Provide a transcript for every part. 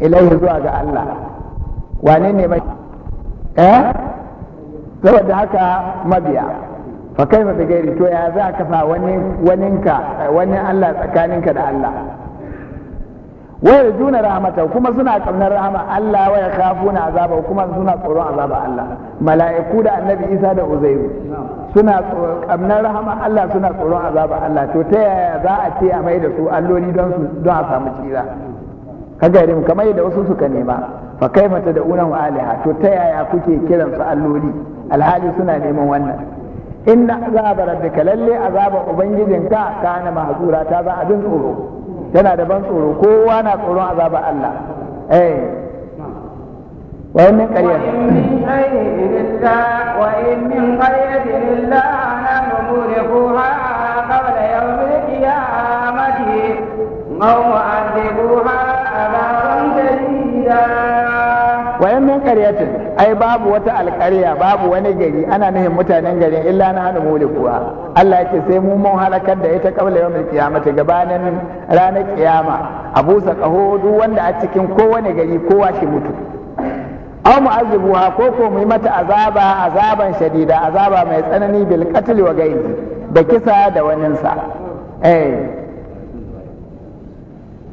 ilaihi zuwa ga Allah wane ne mai eh saboda haka mabiya fa kai bi gairi to ya za ka fa wani waninka wani Allah tsakaninka da Allah wa juna rahmata kuma suna kaunar rahama Allah wa yakhafuna azaba kuma suna tsoron azaba Allah mala'iku da annabi Isa da Uzairu suna kaunar rahama Allah suna tsoron azaba Allah to ta yaya za a ce a mai da su alloli don su don a samu tsira kagarim kamar yadda wasu suka nema fa mata da unan aliha to ta yaya kuke kiran su alloli alhali suna neman wannan inna azaba rabbika lalle azaba ubangijinka kana mahzura ta za abin tsoro tana da ban tsoro kowa na tsoron azaba Allah eh min من wa وإن من قرية إلا نحن مهلكوها قبل wayan min qaryatin ai babu wata alƙarya babu wani gari ana nuhin mutanen garin illa na hanu kuwa. Allah yake sai mu mun halakar da ita kabla yawmil qiyamati gabanin ranar kiyama abu kaho duk wanda a cikin kowane gari kowa shi mutu aw mu'azzibuha ko ko mu mata azaba azaban shadida azaba mai tsanani bil qatl wa da kisa da waninsa eh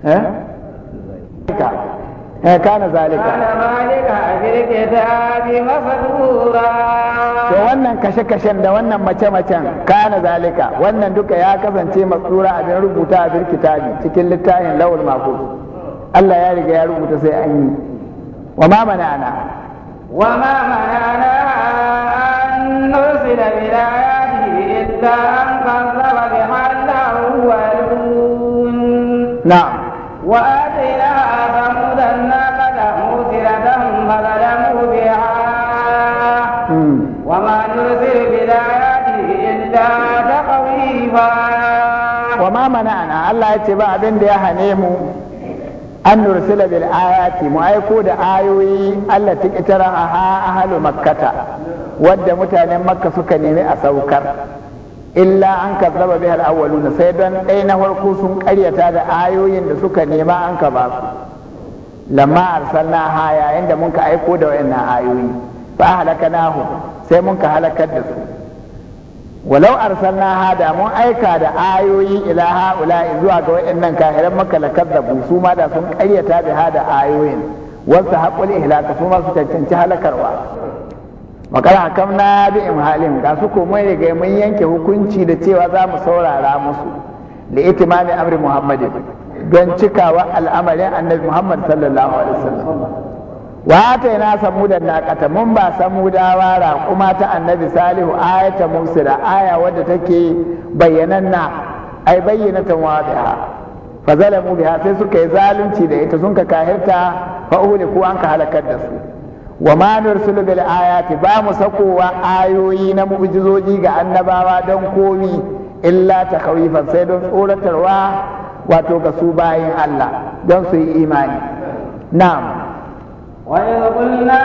eh كان eh, ذلك kana zalika to wannan kashe-kashen da wannan mace-macen kana zalika wannan duka ya kasance matsura abin rubuta abin kitabi cikin littafin lawul mako Allah ya riga ya rubuta sai an yi wa ma manana wa ma manana an nursila bil ayati illa an kazzaba bi hallahu wa na'am wa atina Allah ya ce ba abin da ya hane mu an nursila bil ayati mu aiko da ayoyi Allah ta kitara a ahalu makkata wadda mutanen makka suka nemi a saukar illa an kazzaba bihal awwaluna sai don ɗaya na farko sun karyata da ayoyin da suka nema an ka ba su lamma arsalna ha yayin da mun ka aiko da wayannan ayoyi fa halakanahu sai mun ka halakar da su walau arsalna hada mun aika da ayoyi ila haula zuwa ga wayannan kahiran makka la kazzabu su ma da sun ƙaryata da hada ayoyin wasu haƙuri ihlaka su ma su cancanci halakarwa makar hakamna bi imhalin ga su ko mun riga mun yanke hukunci da cewa za mu saurara musu da itimami amri muhammadin don cikawa al'amarin annabi muhammad sallallahu alaihi wasallam wa ta samu samudan nakata, mun ba samudawa kuma ta annabi salihu ayata musira aya wadda take na. ai ta wadiha fa zalamu biha sai suka yi zalunci da ita sun ka kahirta fa ku an ka halakar da su wa ma nursilu bil ayati ba mu sakowa ayoyi na mu'jizoji ga annabawa don komi illa ta khawifan sai don tsoratarwa wato ga su bayin Allah don su yi imani na'am وإذ قلنا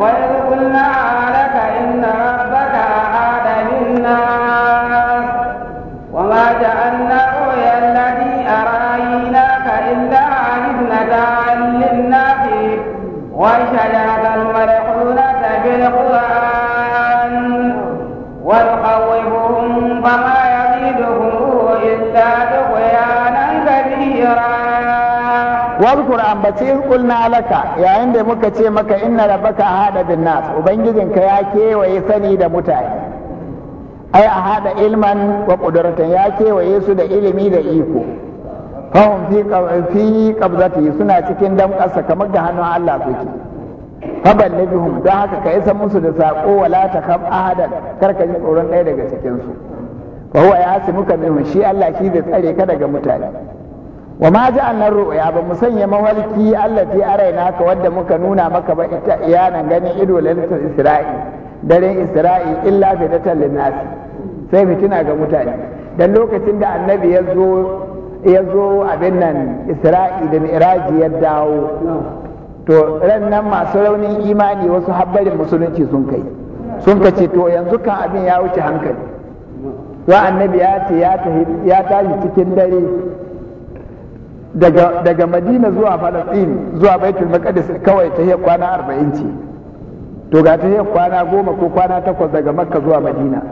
وإذ إن ربك أعاد للناس وما جعلناه يا الذي أريناك إلا فتنة للناس وشجرة wazkur ambaci in laka yayin da muka ce maka inna rabbaka hada bin nas ubangijinka ya kewaye sani da mutane ai a hada ilman wa qudratan ya kewaye su da ilimi da iko fahum fi qabzati suna cikin damƙasa kamar da hannun Allah suke faballihum don haka ka isa musu da sako wala takam ahadan karka ji tsoron ɗaya daga cikin su fa huwa yasimuka minhum shi Allah shi zai tsare ka daga mutane wa ma ji annan ru'ya ba mu sanya allah fi araina ka wadda muka nuna maka ba ita iyanan ganin ido lalatul isra'i daren isra'i illa da linnasi sai fitina ga mutane dan lokacin da annabi ya zo ya zo nan isra'i da miraji ya dawo to ran nan masu raunin imani wasu habbarin musulunci sun kai sun kace to yanzu kan abin ya wuce hankali wa annabi ya ce ya tashi cikin dare daga daga madina zuwa Falasɗin, zuwa baitul maqdis kawai ta kwana arba'in ce to ga ta kwana goma ko kwana takwas daga makka zuwa madina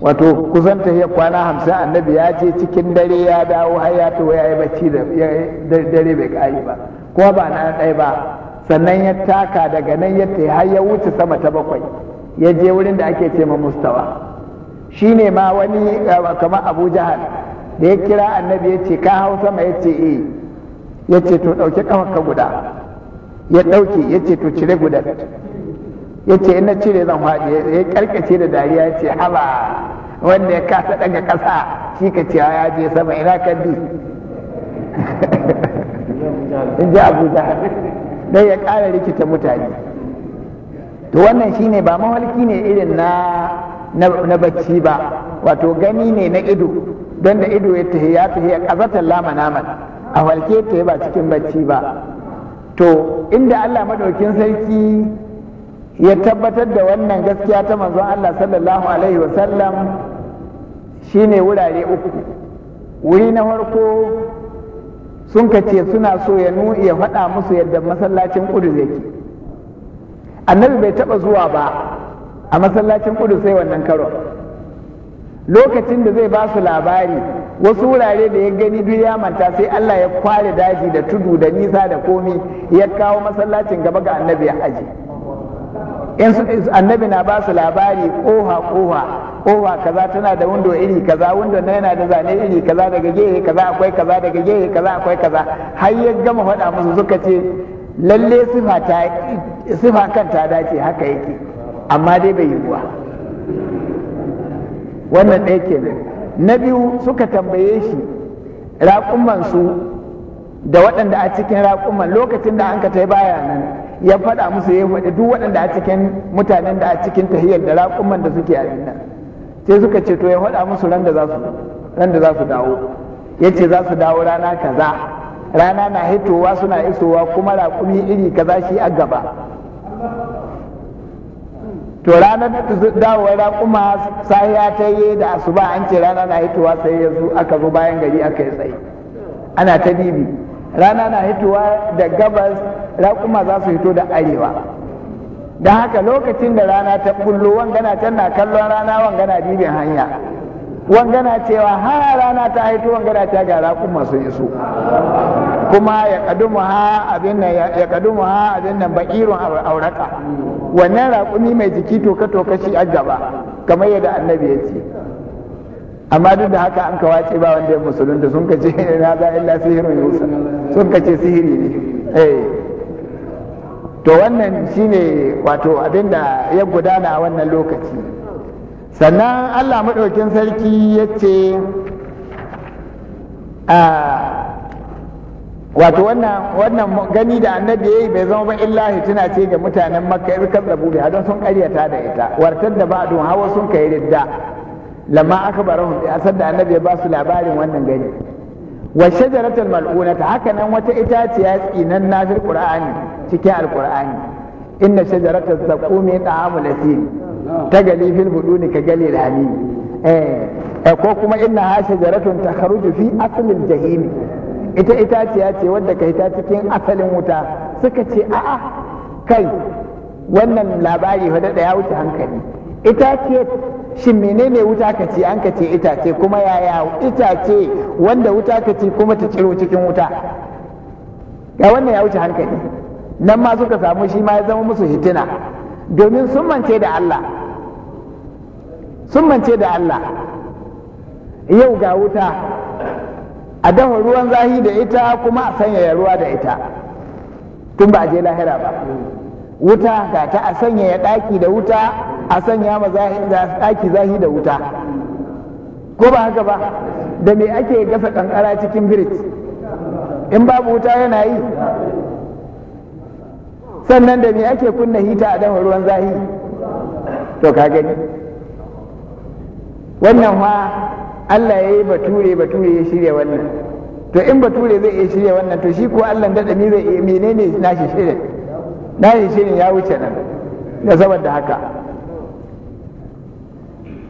wato kusan ta kwana hamsin annabi ya je cikin dare ya dawo har ya tawo ya yi bacci da dare bai kare ba ko ba na ɗaya ba sannan ya taka daga nan ya tai har ya wuce sama ta bakwai ya je wurin da ake ce ma mustawa shine ma wani eh, kamar abu da ya kira annabi ya ce ka hau sama ya ce eh ya ce to ɗauki ka guda ya ɗauke ya ce to cire guda ya ce ina cire zan faɗi ya ƙarƙace da dariya ya ce haba wanda ya kasa ɗaga ƙasa shi ka ce ya je sama ina kan bi in ji abuja don ya ƙara rikita mutane to wannan shine ba mawalki ne irin na na bacci ba wato gani ne na ido don da ido ya tafi ya tafi ya ƙazatar lama naman a walke ta ba cikin bacci ba to inda Allah madaukin sarki ya tabbatar da wannan gaskiya ta manzon Allah sallallahu alaihi wasallam shine wurare uku wuri na farko sun ka suna so ya nu ya faɗa musu yadda masallacin ƙudu ke annabi bai taɓa zuwa ba a masallacin ƙudu sai wannan karo. lokacin da zai ba su labari wasu wurare da ya gani duk ya manta sai Allah ya kware daji da tudu da nisa da komi ya kawo masallacin gaba ga annabi ya aji in annabi na ba su labari koha koha koha kaza tana da wundo iri kaza windo na yana da zane iri kaza daga gehe kaza akwai kaza daga gehe kaza akwai kaza har ya gama faɗa musu suka ce lalle sifa ta kan ta dace haka yake amma dai bai yiwuwa wannan ɗaya na biyu suka tambaye shi raƙumman su da waɗanda a cikin raƙuman lokacin da an ka tai baya nan ya faɗa musu ya faɗi duk waɗanda a cikin mutanen da a cikin tahiyar da raƙuman da suke a nan sai suka ce to ya faɗa musu randa ran da za su dawo ya ce za su dawo rana kaza rana na hitowa suna isowa kuma raƙumi iri kaza shi a gaba to ranar da kuma raƙuma ya ta yi da asuba an ce rana na hitowa sai ya zo aka zo bayan gari aka yi tsayi. ana ta bibi rana na hitowa da gabas raƙuma za su hito da arewa don haka lokacin da rana ta bullo wangana can na kallon rana wangana dibin hanya wangana cewa har rana ta haito wangana ta ga raƙuma sun iso kuma ya kadumu ha abin nan ya kadumu ha abin nan bakirun auraka wannan raƙumi mai jiki toka toka shi a gaba kamar yadda annabi ya ce amma duk da haka an kawace ba wanda ya musulunta sun kace eh, na za illa sihirin yusa sun kace sihiri ne eh to wannan shine wato abin da ya gudana a wannan lokaci sannan allah maɗaukin sarki ya ce wato wannan gani da annabi yayi bai zama ba illahi tana ce ga mutanen makka kan zabu bi don sun karyata da ita wartar da ba don hawa sun kai ridda lamma aka akbarahum bi a da annabi ya ba su labarin wannan gani wa shajaratul mal'unata haka nan wata itaciya ya na fil qur'ani cikin alqur'ani inna shajaratul zaqumi ta'amul asim ta gani fil huduni ka gani rani eh ko kuma inna jaratun ta kharuju fi aslil jahim ita ita ce wanda kai ta cikin asalin wuta suka ce a'a kai wannan labari wadda da ya wuce hankali itace shin menene wuta ka ce an ka ce itace kuma yaya itace wanda wuta ka ce kuma ta ciro cikin wuta ga wannan ya wuce hankali nan ma suka samu shi ma ya zama musu hitina domin sun mance da Allah sun mance da Allah yau ga wuta a dafa ruwan zahi da ita kuma a sanyaya ruwa da ita tun ba a je lahira ba wuta ga ta a sanyaya ɗaki da wuta a sanya ma ɗaki zahi da wuta ko ba haka ba da me ake gasa kankara cikin birit in babu wuta yana yi sannan da me ake kunna hita a dafa ruwan zahi to ka gani wannan fa Allah ya yi bature bature ya shirya wannan to in bature zai iya shirya wannan to shi ko Allah da dami zai iya menene shirya na nashi shirin ya wuce nan da saboda haka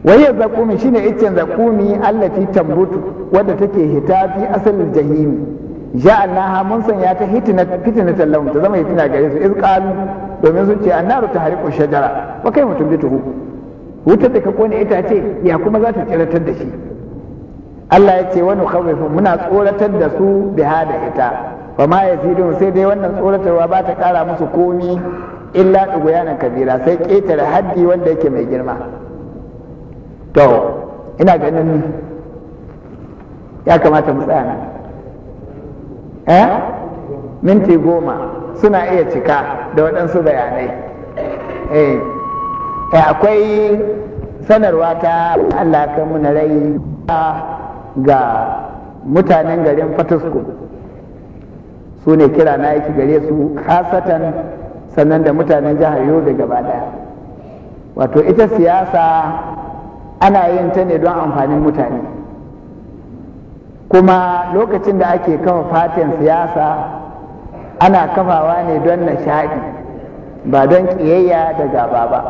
wayar zakumi shi ne iccen zakumi Allah allafi tambutu wadda take hita fi asalin jahimi ja'alnaha mun sanya ta hitina fitnatan lahum ta zama hitina gare su iz qalu domin sun ce annaru tahriqu shajara wa kai mutum bituhu wutar da ka kone ce ya kuma za ta tsiratar da shi Allah ya ce wani khawifin muna tsoratar da su biha da ita ba ma ya sai dai wannan tsoratarwa ba ta kara musu komi illa ɗuguyanan kabira sai ƙetare haddi wanda yake mai girma to ina ganin ya kamata mu tsaya nan eh minti goma suna iya cika da waɗansu bayanai eh akwai sanarwa ta Allah kan muna rai ga mutanen garin fatasko su ne kira na yake gare su kasatan sannan da mutanen jihar yobe gaba daya wato ita siyasa ana yin ta ne don amfanin mutane kuma lokacin da ake kafa fatin siyasa ana kafawa ne don nishaɗi ba don ƙiyayya da gaba ba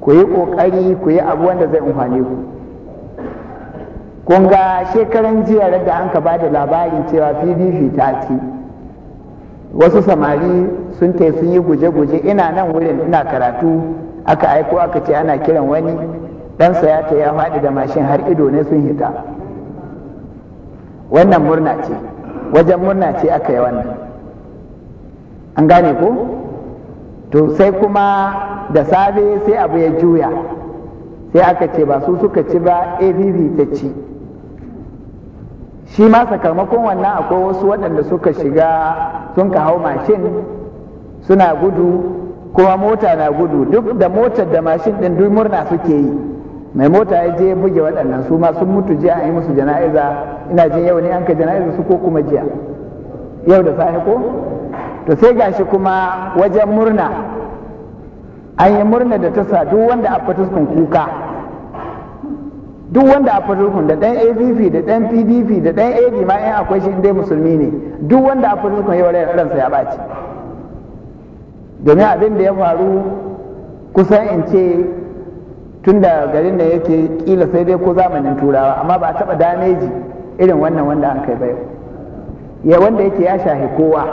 ku yi ƙoƙari ku yi abu wanda zai amfane ku kun ga shekaran jiya da an ka ba da labarin cewa pdp ta ci wasu samari sun tai sun yi guje-guje ina nan wurin ina karatu aka aiko aka ce ana kiran wani ɗansa ya ya faɗi da mashin har ido ne sun hita wannan murna ce wajen murna ce aka yi wannan an gane ko to sai kuma da safe sai abu ya juya sai aka ce ba su suka ci ba abb ta ci shi ma sakamakon wannan akwai wasu waɗanda suka shiga sun ka hau mashin suna gudu kuma mota na gudu duk da motar da mashin ɗin duk murna suke yi mai mota ya je buge waɗannan su ma sun mutu jiya an yi musu jana'iza ina jin yau ne an ka jana'iza su ko kuma jiya yau da safe ko to sai gashi kuma wajen murna an yi murna da ta sa duk wanda a fataskun kuka duk wanda a fataskun da ɗan avp da ɗan pdp da ɗan ad ma yan akwai shi dai musulmi ne duk wanda a fataskun yau ransa ya ɓaci domin abin da ya faru kusan in ce tun da garin da yake kila sai dai ko zamanin turawa amma ba a taba dameji irin wannan wanda an kai bai ya wanda yake ya shahi kowa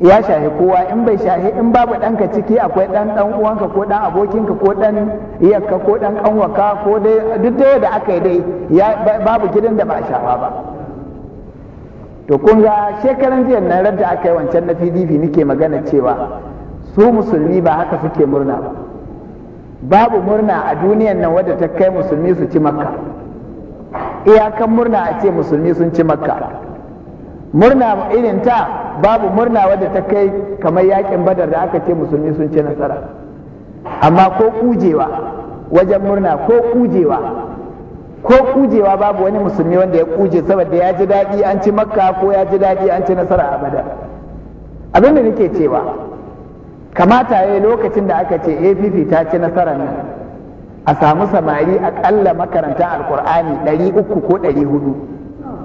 ya shahi kowa in bai shahi in babu ɗanka ciki akwai ɗan ɗan uwanka ko ɗan abokinka ko ɗan iyakka ko ɗan ƙanwaka ko dai duk da da aka yi dai babu gidan da ba a shafa ba to kun ga shekaran jiya na radda aka yi wancan na pdp nake magana cewa su musulmi ba haka suke murna ba babu murna a duniyan nan wadda ta kai musulmi su ci makka iyakan murna a ce musulmi sun ci makka murna irin ta babu murna wadda ta kai kamar yakin badar da aka ce musulmi sun ci nasara amma ko kujewa wajen murna ko kujewa ko kujewa babu wani musulmi wanda ya kuje saboda ya ji daɗi an ci makka ko ya ji daɗi an ci nasara a badar abin da nake cewa kamata ya lokacin da aka ce app ta ci nasara nan a samu samari akalla makaranta alkur'ani 300 ko 400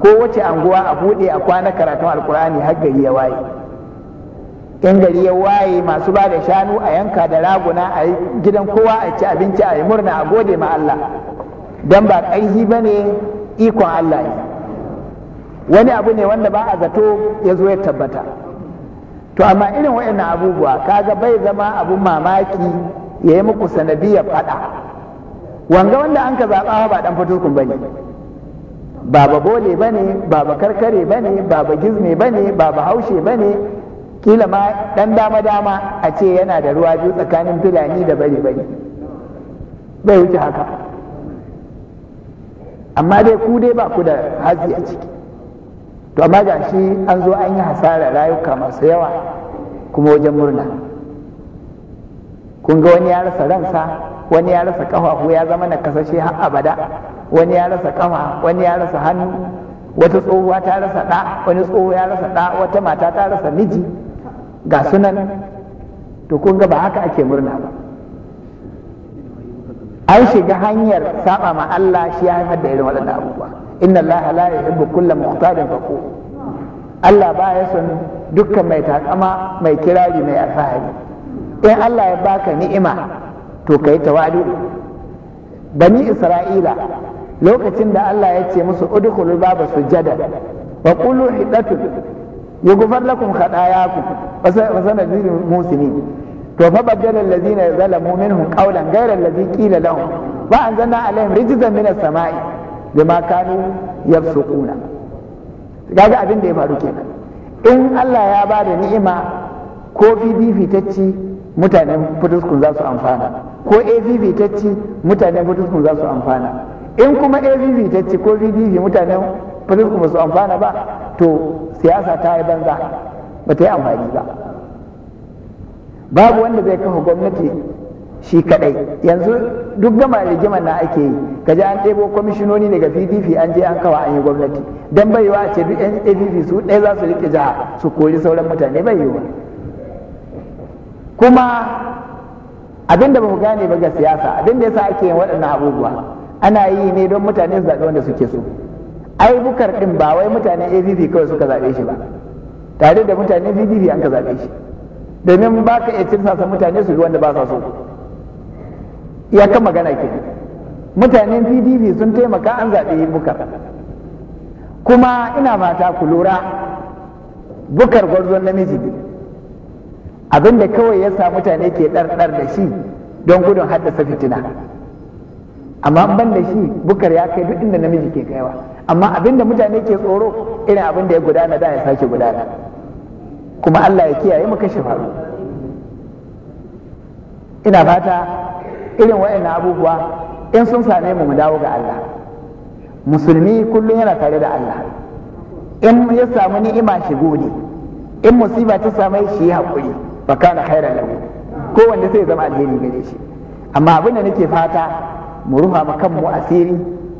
ko wace anguwa a buɗe a kwana karatun alkur'ani har gari ya waye in gari ya waye masu ba da shanu a yanka da raguna a gidan kowa a ci abinci a yi murna a gode ma Allah dan ba ƙarfi ba ne ikon Allah ne wani abu ne wanda ba a zato ya zo ya tabbata to amma irin waɗannan abubuwa kaga bai zama abun mamaki ya yi muku sanadiyar faɗa wanga wanda an ka zaɓa ba ɗan fito kun bane ba ba bole ba ne ba ba karkare ba ne ba ba gizme ba ne ba ba haushe ba ne kila ma ɗan dama dama a ce yana da ruwa biyu tsakanin filani da bari bari bai wuce haka amma dai ku dai ba ku da hazi a ciki to amma ga shi an zo an yi hasara rayuka masu yawa kuma wajen murna kun ga wani ya rasa ransa wani ya rasa ƙafafu ya zama na kasashe har abada wani ya rasa kama wani ya rasa hannu wata tsohuwa ta rasa ɗa wani tsoho ya rasa ɗa wata mata ta rasa miji ga sunan to kun ga ba haka ake murna ba an shiga hanyar saba ma Allah shi ya haifar da irin waɗannan abubuwa inna Allah la yuhibbu kulla muhtalin faqu Allah ba ya son dukkan mai takama mai kirari mai alfahari in Allah ya baka ni'ima to kai tawali bani Isra'ila lokacin da Allah ya ce musu udkhulul baba sujada wa qulu hidatu yughfar lakum khatayakum wa sanadil muslimin to fa badala alladhina zalamu minhum qawlan ghayra alladhi qila lahum wa anzalna alaihim rijzan minas samai bima kanu yafsukuna kaga abin da ya faru kenan in Allah ya ba da ni'ima ko fifitacci mutanen fituskun za su amfana ko a fifitacci mutanen fituskun za su amfana in kuma avv ta ci ko vdv mutanen firiskun ba su amfana ba to siyasa ta yi banza ba ta yi amfani ba babu wanda zai kafa gwamnati shi kadai yanzu duk gama rigimar na ake yi ka ji an ɗebo kwamishinoni daga pdp an je an kawa an yi gwamnati don bai a ce duk yan pdp su ɗaya za su riƙe jiha su kori sauran mutane bai yiwa kuma abinda ba mu gane ba ga siyasa abinda yasa ake yin waɗannan abubuwa ana yi ne don mutane su zaɓi wanda suke so ai bukar ɗin ba wai mutanen APP kawai suka zaɓe shi ba tare da mutanen PDP an ka zaɓe shi domin ba ka iya tirsasa mutane su yi wanda ba sa so ya kan magana ke mutanen PDP sun taimaka an zaɓe bukar kuma ina mata ku lura bukar gwarzon namiji abinda kawai ya sa mutane ke ɗarɗar da shi don gudun haddasa fitina amma ban da shi bukar ya kai duk inda namiji ke kaiwa amma abin da mutane ke tsoro irin abin da ya gudana da ya sake gudana kuma Allah ya kiyaye mu kashe faru ina fata irin waɗannan abubuwa in sun same mu mu dawo ga Allah musulmi kullum yana tare da Allah in ya samu ni'ima shi gode in musiba ta same shi hakuri fa kana khairan lahu kowanne zai zama alheri gare shi amma abin da nake fata mu rufa ma kanmu asiri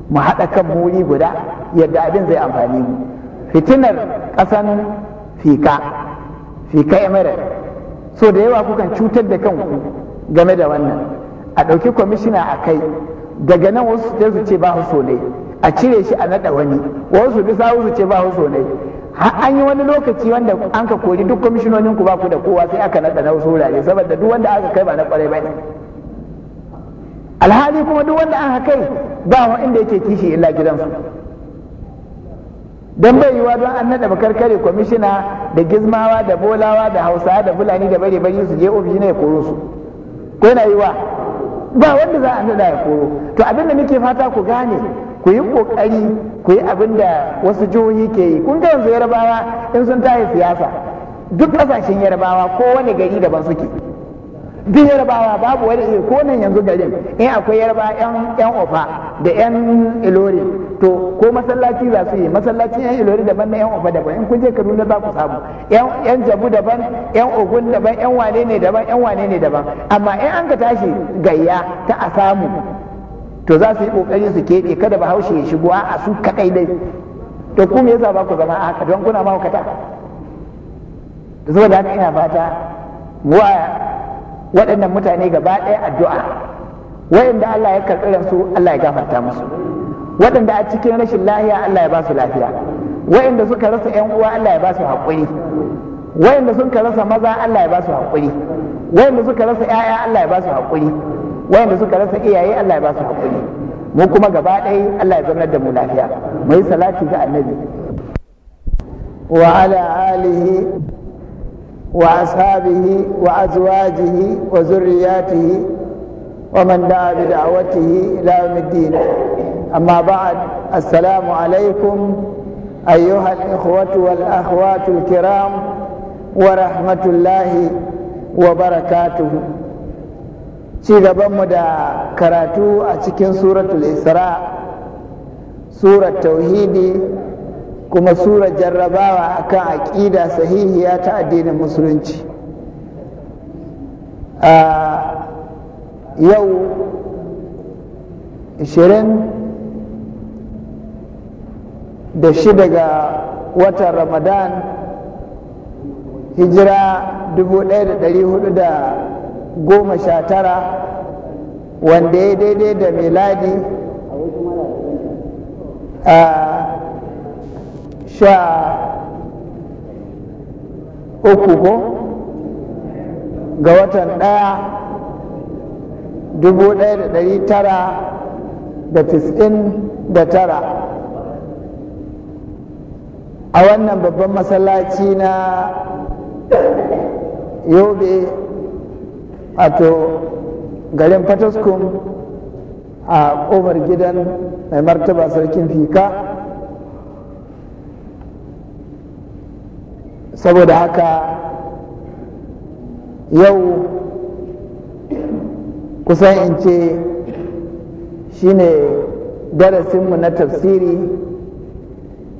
mu haɗa kan wuri guda yadda abin zai amfani mu fitinar ƙasan fika fika emirat so da yawa kukan cutar da kanku game da wannan a ɗauki kwamishina a kai daga nan wasu sai su ce ba so ne a cire shi a naɗa wani wasu sa su ce ba so ne an yi wani lokaci wanda an ka kori duk kwamishinonin ku ba ku da kowa sai aka naɗa na wasu wurare saboda duk wanda aka kai ba na ƙwarai ba ne alhali kuma duk wanda aka kai ba wa inda yake kishi illa gidansu don bai yiwa don an naɗa bakarkare kwamishina da gizmawa da bolawa da hausa da fulani da bare bari su je ofishi ne ya koro su ko yana yiwa ba wanda za a naɗa ya koro to abin da muke fata ku gane ku yi kokari ku yi abin da wasu jihohi ke yi kun ga yanzu yarabawa in sun tayi siyasa duk ƙasashen yarabawa ko wani gari daban suke duk yarbawa babu wani iri ko nan yanzu garin in akwai yarba yan yan ofa da yan ilori to ko masallaci za su yi masallaci yan ilori daban na ofa daban in kun je Kaduna za ku samu yan yan jabu daban yan ogun daban yan wane ne daban yan wane ne daban amma in an ka tashi gayya ta a samu to za su yi kokari su keɓe kada bahaushe ya shigo a su kadai dai to kuma yasa ba ku zama haka don kuna ma kata da saboda haka ina fata wa waɗannan mutane gaba ɗaya addu'a waɗanda Allah ya karɓi su Allah ya gafarta musu waɗanda a cikin rashin lafiya Allah ya ba su lafiya waɗanda suka rasa ƴan uwa Allah ya ba su haƙuri waɗanda suka rasa maza Allah ya ba su haƙuri waɗanda suka rasa ƴaƴa Allah ya ba su haƙuri waɗanda suka rasa iyaye Allah ya ba su haƙuri mu kuma gaba ɗaya Allah ya zama da mu lafiya mu salati ga annabi wa ala alihi وأصحابه وأزواجه وذرياته ومن دعا بدعوته إلى يوم الدين أما بعد السلام عليكم أيها الإخوة والأخوات الكرام ورحمة الله وبركاته شيخ gabanmu كراتو karatu سورة الإسراء سورة isra kuma sura jarrabawa akan aƙida sahihiya ta addinin musulunci a yau da shi daga watan ramadan hijira 1419 wanda ya daidai da miladi a sha uku ko ga watan ɗaya dubu ɗaya da ɗari tara da tis'in da tara a wannan babban masallaci na yobe wato garin fataskum a ƙofar gidan mai martaba sarkin fika saboda haka yau kusan in ce shi ne darasinmu na tafsiri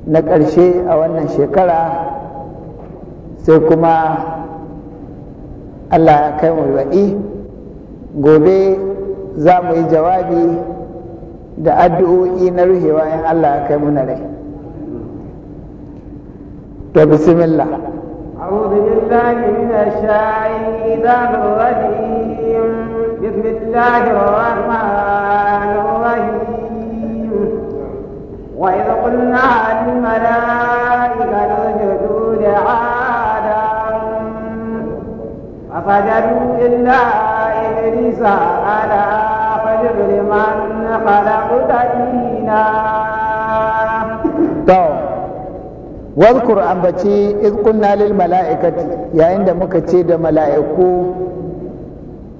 na ƙarshe a wannan shekara sai kuma allah ya kai mu ba'i gobe za mu yi jawabi da addu'o'i na ruhewa in allah ya kai mu na rai طيب، بسم الله أعوذ بالله من الشيطان الرجيم بسم الله الرحمن الرحيم وإذ قلنا للملائكة اسجدوا لآدم فسجدوا إلا إبليس على فجر من خلق دينا طيب. wadkur ambaci in lil mala'ikati yayin da muka ce da mala'iku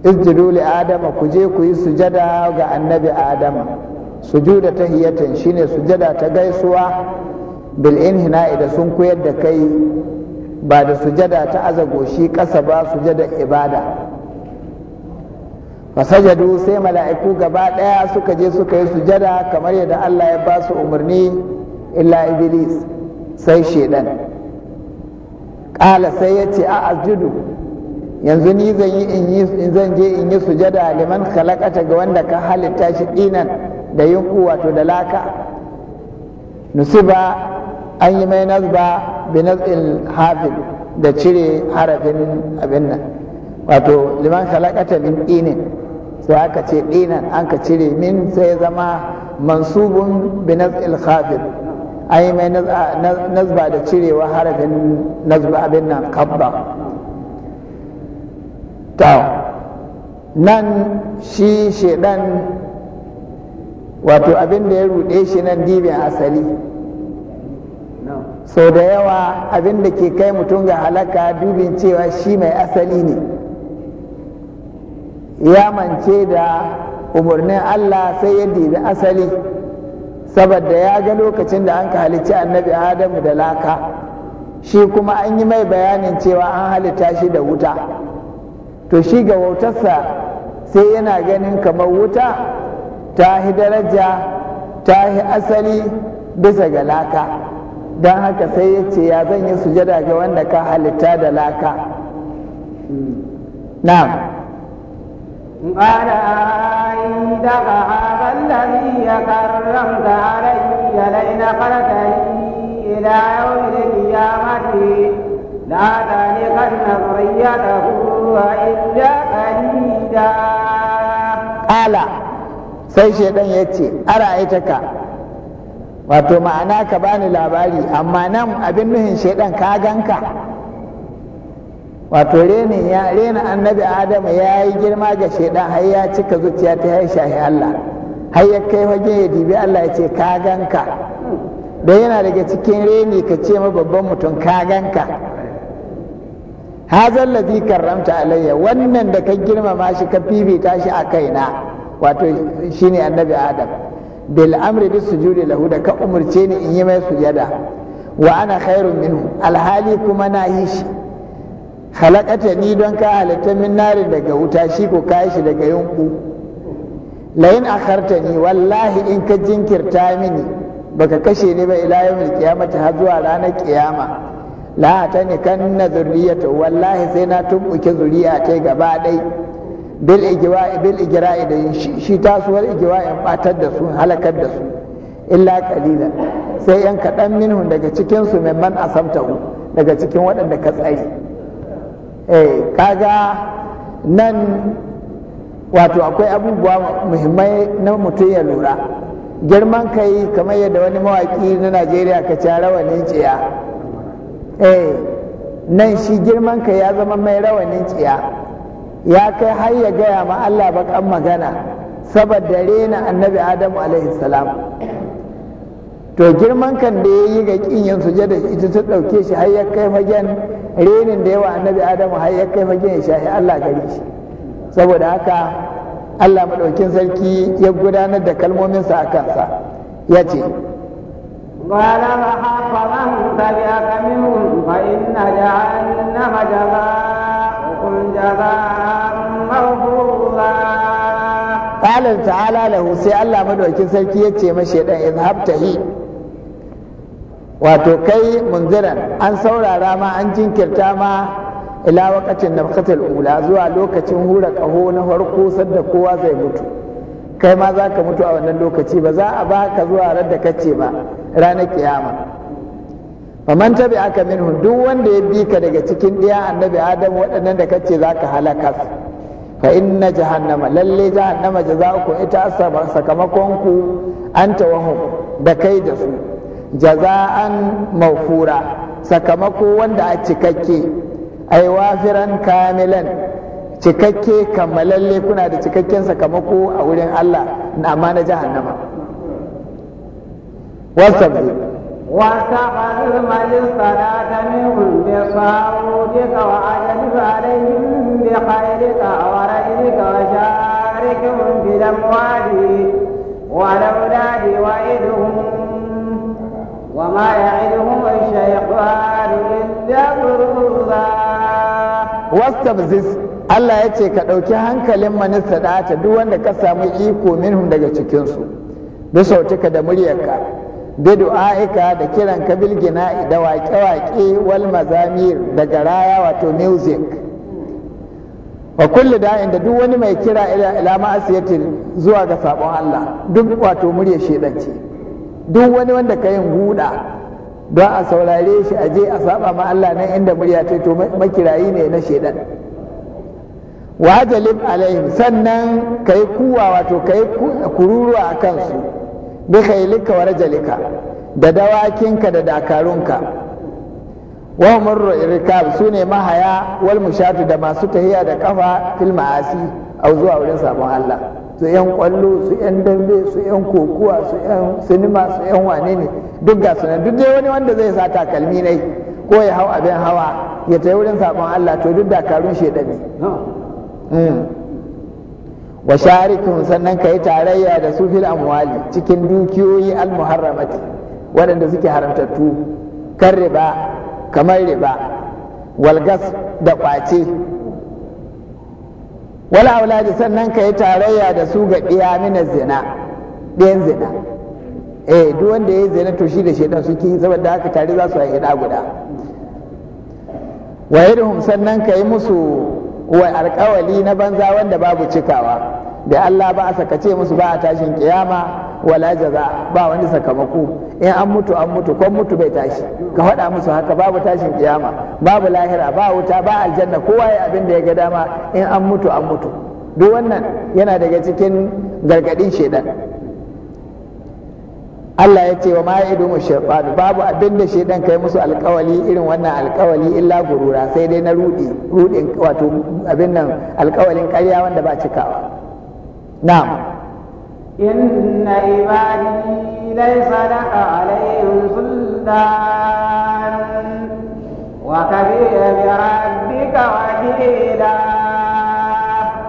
izjudu li adama ku je ku yi sujada ga annabi adama sujuda ta tahiyatan shine sujada ta gaisuwa bil inhina da sun koyar da kai ba da sujada ta azagoshi kasa ba sujada ibada fasajadu sai mala'iku gaba ɗaya suka je suka yi sujada kamar yadda Allah ya ba su umarni illa iblis sai shaidan ƙala sai ya ce a asjudu yanzu ni zan yi in zan je in yi sujada liman khalaqata ga wanda ka halitta shi dinan da yunku wato da laka nusiba an yi mai nazba bi nazil hafid da cire harafin abin nan wato liman khalaqata min dinin sai aka ce dinan an ka cire min sai zama mansubun bi nazil hafid ai mai nazba da cirewa harafin nazba abin nan kabba ta nan shi shedan wato abin da ya ruɗe shi nan dibin asali sau da yawa abin da ke kai mutum ga halaka dubin cewa shi mai asali ne ya mance da umarnin allah sai ya dibi asali saboda ya ga lokacin da an ka halicci annabi adamu da laka shi kuma an yi mai bayanin cewa an halitta shi da wuta to shi ga wautarsa sai yana ganin kamar wuta ta hi daraja ta hi asali bisa ga laka don haka sai ya ce ya zan yi sujada ga wanda ka halitta da laka na'am قال عندك هذا الذي كرمت علي لئن خلتني إلى يوم القيامة لا تلقن وإلا قال sai shaidan ya ce ara ka wato ma'ana ka bani labari amma nan abin nuhin shaidan ka ganka wato rene ya rena annabi adamu ya yi girma ga shaidan har ya cika zuciya ta ya shahi Allah har ya kai waje ya dibi Allah ya ce ka ganka don yana daga cikin reni ka ce ma babban mutum ka ganka hazan ladhi karramta alayya wannan da ka girmama shi ka fifita shi a kaina wato shine annabi adam bil amri bis sujudi lahu da ka umurce ni in yi mai sujada wa ana khairun minhu alhali kuma na yi shi halakata ni don ka halitta min nari daga wuta shi ko ka shi daga yunku layin akharta ni wallahi in ka jinkirta mini baka kashe ni ba ila yawmil qiyamati har zuwa ranar kiyama la ta ni kanna zurriyata wallahi sai na tumbuke zuriya ta gaba dai bil igwa bil igra da shi tasuwar in batar da su halakar da su illa qalila sai yan kadan minhu daga cikin su man asamtahu daga cikin waɗanda ka tsaye Eh, kaga nan wato akwai abubuwa muhimmai na mutum ya lura girman kai kamar yadda wani mawaƙi na najeriya ka ci rawanin tsiya eh nan shi girman kai ya zama mai rawanin tsiya ya kai har ya gaya ma allah bakan magana saboda rena annabi adamu alaihi salam to girman kan da ya yi ga ƙinyin sujada ita ta ɗauke shi har ya kai magen renin da yawa annabi adamu har ya kai magen ya shahi allah gari shi saboda haka allah maɗaukin sarki ya gudanar da kalmominsa a kansa ya ce غلب حقهم تبعك منهم فإن جهنم جزاؤكم جزاء مرفوضا قال تعالى له سي الله مدوكين سركي يتي مشي دان اذهب تهي wato kai munziran an saurara ma an jinkirta ma ila wakacin nafkatul ula zuwa lokacin hura kaho na farko sadda kowa zai mutu kai ma za ka mutu a wannan lokaci ba za a ba ka zuwa radda kace ba ranar kiyama faman tabi aka minhu duk wanda ya bi ka daga cikin ɗiya annabi adam waɗannan da kace za ka halaka fa inna jahannama lalle jahannama jaza'ukum ita sakamakon ku anta wahum da kai da su jaza'an mafura sakamako wanda a cikakke ai wafiran kamilan cikakke kammalalle kuna da cikakken sakamako a wurin Allah amma na jahannama wasabbi وسقى المال الصلاة منهم بصعودك وعجلت عليهم بخيرك ورجلك وشاركهم في الأموال والأولاد wastabzis Allah ya ce ka ɗauki hankalin manista ɗata duk wanda ka samu iko minhum daga cikinsu da sautuka da muryarka da du'a'ika da kiran ka bilgina da waƙe-waƙe wal mazamir da garaya wato music wa kullu da'in da duk wani mai kira ila ila ma'asiyatin zuwa ga sabon Allah duk wato muryar shedanci duk wani wanda ka yin huda don a saurare shi a je a saba ma Allah nan inda murya ta to makirayi ne na shedan wajalib alaihim sannan kai kuwa wato kai kururuwa a kansu bi khailika wa rajalika da dawakinka da dakarunka wa marru irkab sune mahaya wal mushatu da masu tahiya da kafa fil ma'asi au zuwa wurin sabon Allah su 'yan kwallo su 'yan dambe su 'yan kokuwa su 'yan sinima su 'yan wane ne duk ga sunan duk dai wani wanda zai sa takalmi nai ko ya hau abin hawa ya tayi wurin sabon Allah to duk dakarun shedani hmm. wa sharikun sannan kayi tarayya da su fil amwali cikin dukiyoyi al muharramati waɗanda suke haramtattu kan riba kamar riba walgas da kwace wala auladi sannan ka tarayya da su ga ɗiya mina zina ɗiyan zina eh duk wanda ya yi zina to shi da shaidan suke yi saboda haka tare za su yi ɗa guda wa sannan ka yi musu wa alƙawali na banza wanda babu cikawa da Allah ba a sakace musu ba a tashin kiyama wala jaza ba wani sakamako in an mutu an mutu kon mutu bai tashi ka faɗa musu haka babu tashin kiyama babu lahira ba wuta ba aljanna kowa ya abin da ya ga dama in an mutu an mutu duk wannan yana daga cikin gargadin shedan Allah ya ce wa ma idu mushaytan babu abin da shedan kai musu alkawali irin wannan alkawali illa gurura sai dai na rudi rudin wato abin nan alkawalin ƙarya wanda ba cikawa na'am إن إبادي ليس لك عليهم سلطان وكبير ربك وحيدا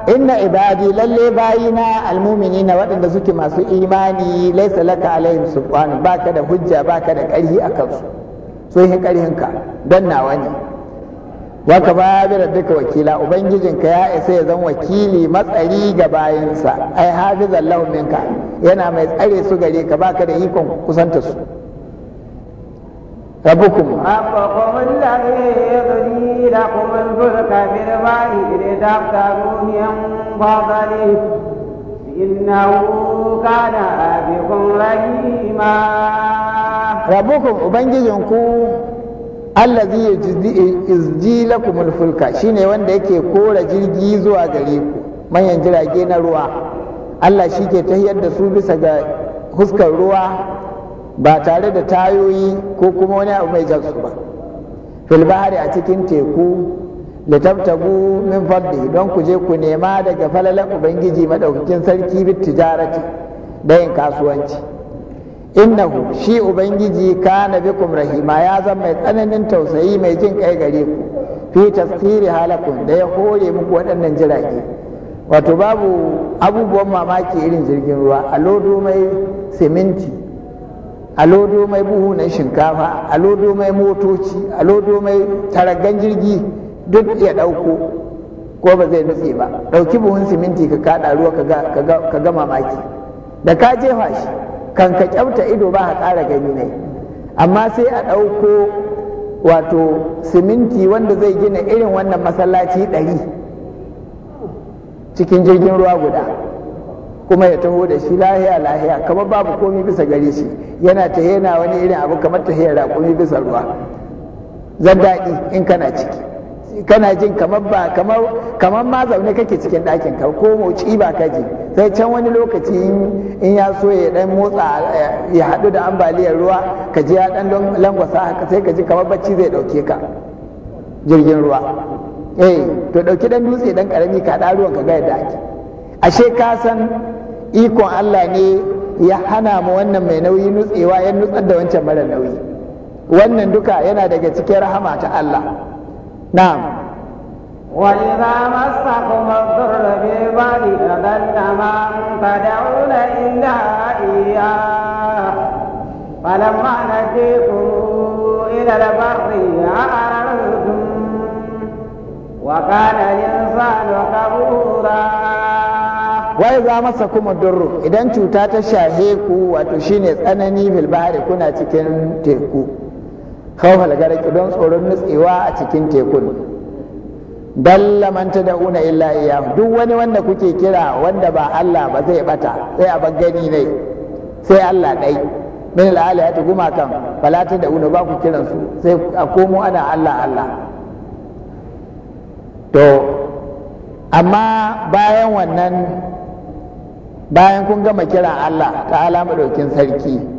inna ibadi lalle bayina almu'minina waɗanda suke masu imani laysa laka alaihim subhanu baka da hujja baka da ƙarfi akan su so yin ka dan nawa ne waka ba ba bi duka wakila ubangijinka ya isa ya zan wakili matsari ga bayansa ai hafi lahum minka yana mai tsare su gare ka baka da ikon kusanta su ربكم ربكم ubangijinku allazi yajzi ku fulka shine wanda yake kora jirgi zuwa gare ku manyan jirage na ruwa Allah shi ke tahiyar da su bisa ga huskar ruwa ba tare da tayoyi ko kuma wani abu mai jansu ba fil a cikin teku da tabtabu min fadli don ku je ku nema daga falalan ubangiji madaukakin sarki bit tijarati bayan kasuwanci innahu shi ubangiji kana bikum rahima ya zama mai tsananin tausayi mai jin kai gare ku fi tasiri halakun da ya hore muku waɗannan jirage wato babu abubuwan mamaki irin jirgin ruwa a lodo mai siminti a lodo mai buhu na shinkafa a lodo mai motoci a lodo mai taragan jirgi duk ya ɗauko ko ba zai nutse ba ɗauki buhun siminti ka kaɗa ruwa ka ga mamaki da ka jefa shi kan ka kyauta ido ba a ƙara gani ne amma sai a ɗauko wato siminti wanda zai gina irin wannan masallaci ɗari cikin jirgin ruwa guda kuma ya taho da shi lahiya lahiya kamar babu komi bisa gare shi yana ta yana wani irin abu kamar ta komi bisa ruwa zan daɗi in kana ciki kana jin kamar ba kamar kamar ma zaune kake cikin ɗakin ka ko moci ba ka ji sai can wani lokaci in ya so ya dan motsa ya haɗu da ambaliyar ruwa ka ji ya dan langwasa haka sai ka ji kamar bacci zai ɗauke ka jirgin ruwa eh to ɗauki dan dutse dan karami ka da ruwan ka ga yadda ake ashe ka san ikon Allah ne ya hana mu wannan mai nauyi nutsewa ya nutsar da wancan mara nauyi wannan duka yana daga cikin rahama ta Allah نعم وإذا مسكم الضر في بالبر فضل من تدعون إلا إياه فلما نجيكم إلى البر أعرضتم وكان الإنسان كبورا wai za masa kuma durru idan cuta ta shahe ku wato shine tsanani bilbari kuna cikin teku kawal garaki don tsoron nutsewa a cikin tekun dalla man tad'una illa iya. duk wani wanda kuke kira wanda ba Allah ba zai bata sai a gani ne sai Allah dai min al-alihati gumakan fala tad'una ba ku kiran su sai a komo ana Allah Allah to amma bayan wannan bayan kun gama kiran Allah ta alama daukin sarki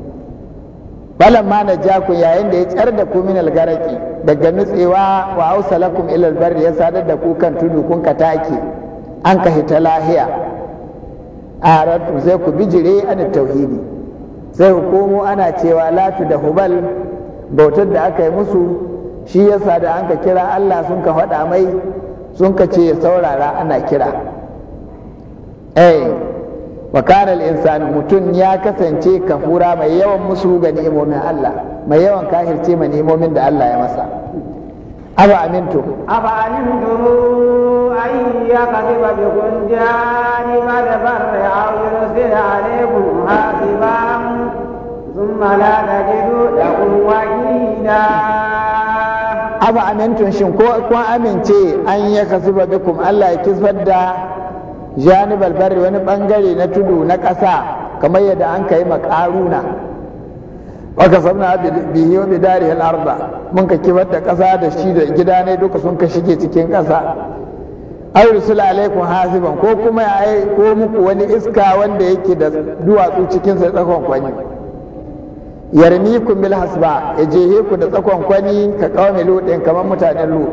ja ku yayin da ya tsar da ku min algaraki daga nutsewa wa hausa lakum ilal albarri ya sadar da ku kan tudu kun ka take an ka hita lahiya a sai ku bijire an tauhidi sai ku ana cewa latu da hubal bautar da aka yi musu shi yasa da an ka kira Allah sun ka faɗa mai sun ka ce saurara ana kira eh wa kana al-insan mutun ya kasance kafura mai yawan musu ga ni'imomin Allah mai yawan kahirce ma ni'imomin da Allah ya masa afa amintu afa amintu an bi ma da la shin ko kun amince an kasuba bikum Allah ya kisbar da Jani balbari wani bangare na tudu na ƙasa kamar yadda an kai makaruna waka sabna bihi wa bidari al-arda mun ka kibar da ƙasa da shi da gida ne duka sun ka shige cikin ƙasa ay rusul alaikum hasiban ko kuma ya ko muku wani iska wanda yake da duwatsu cikin sa tsakon kwani yarmikum bil hasba yajehe ku da tsakon kwani ka kawme ludin kamar mutanen lu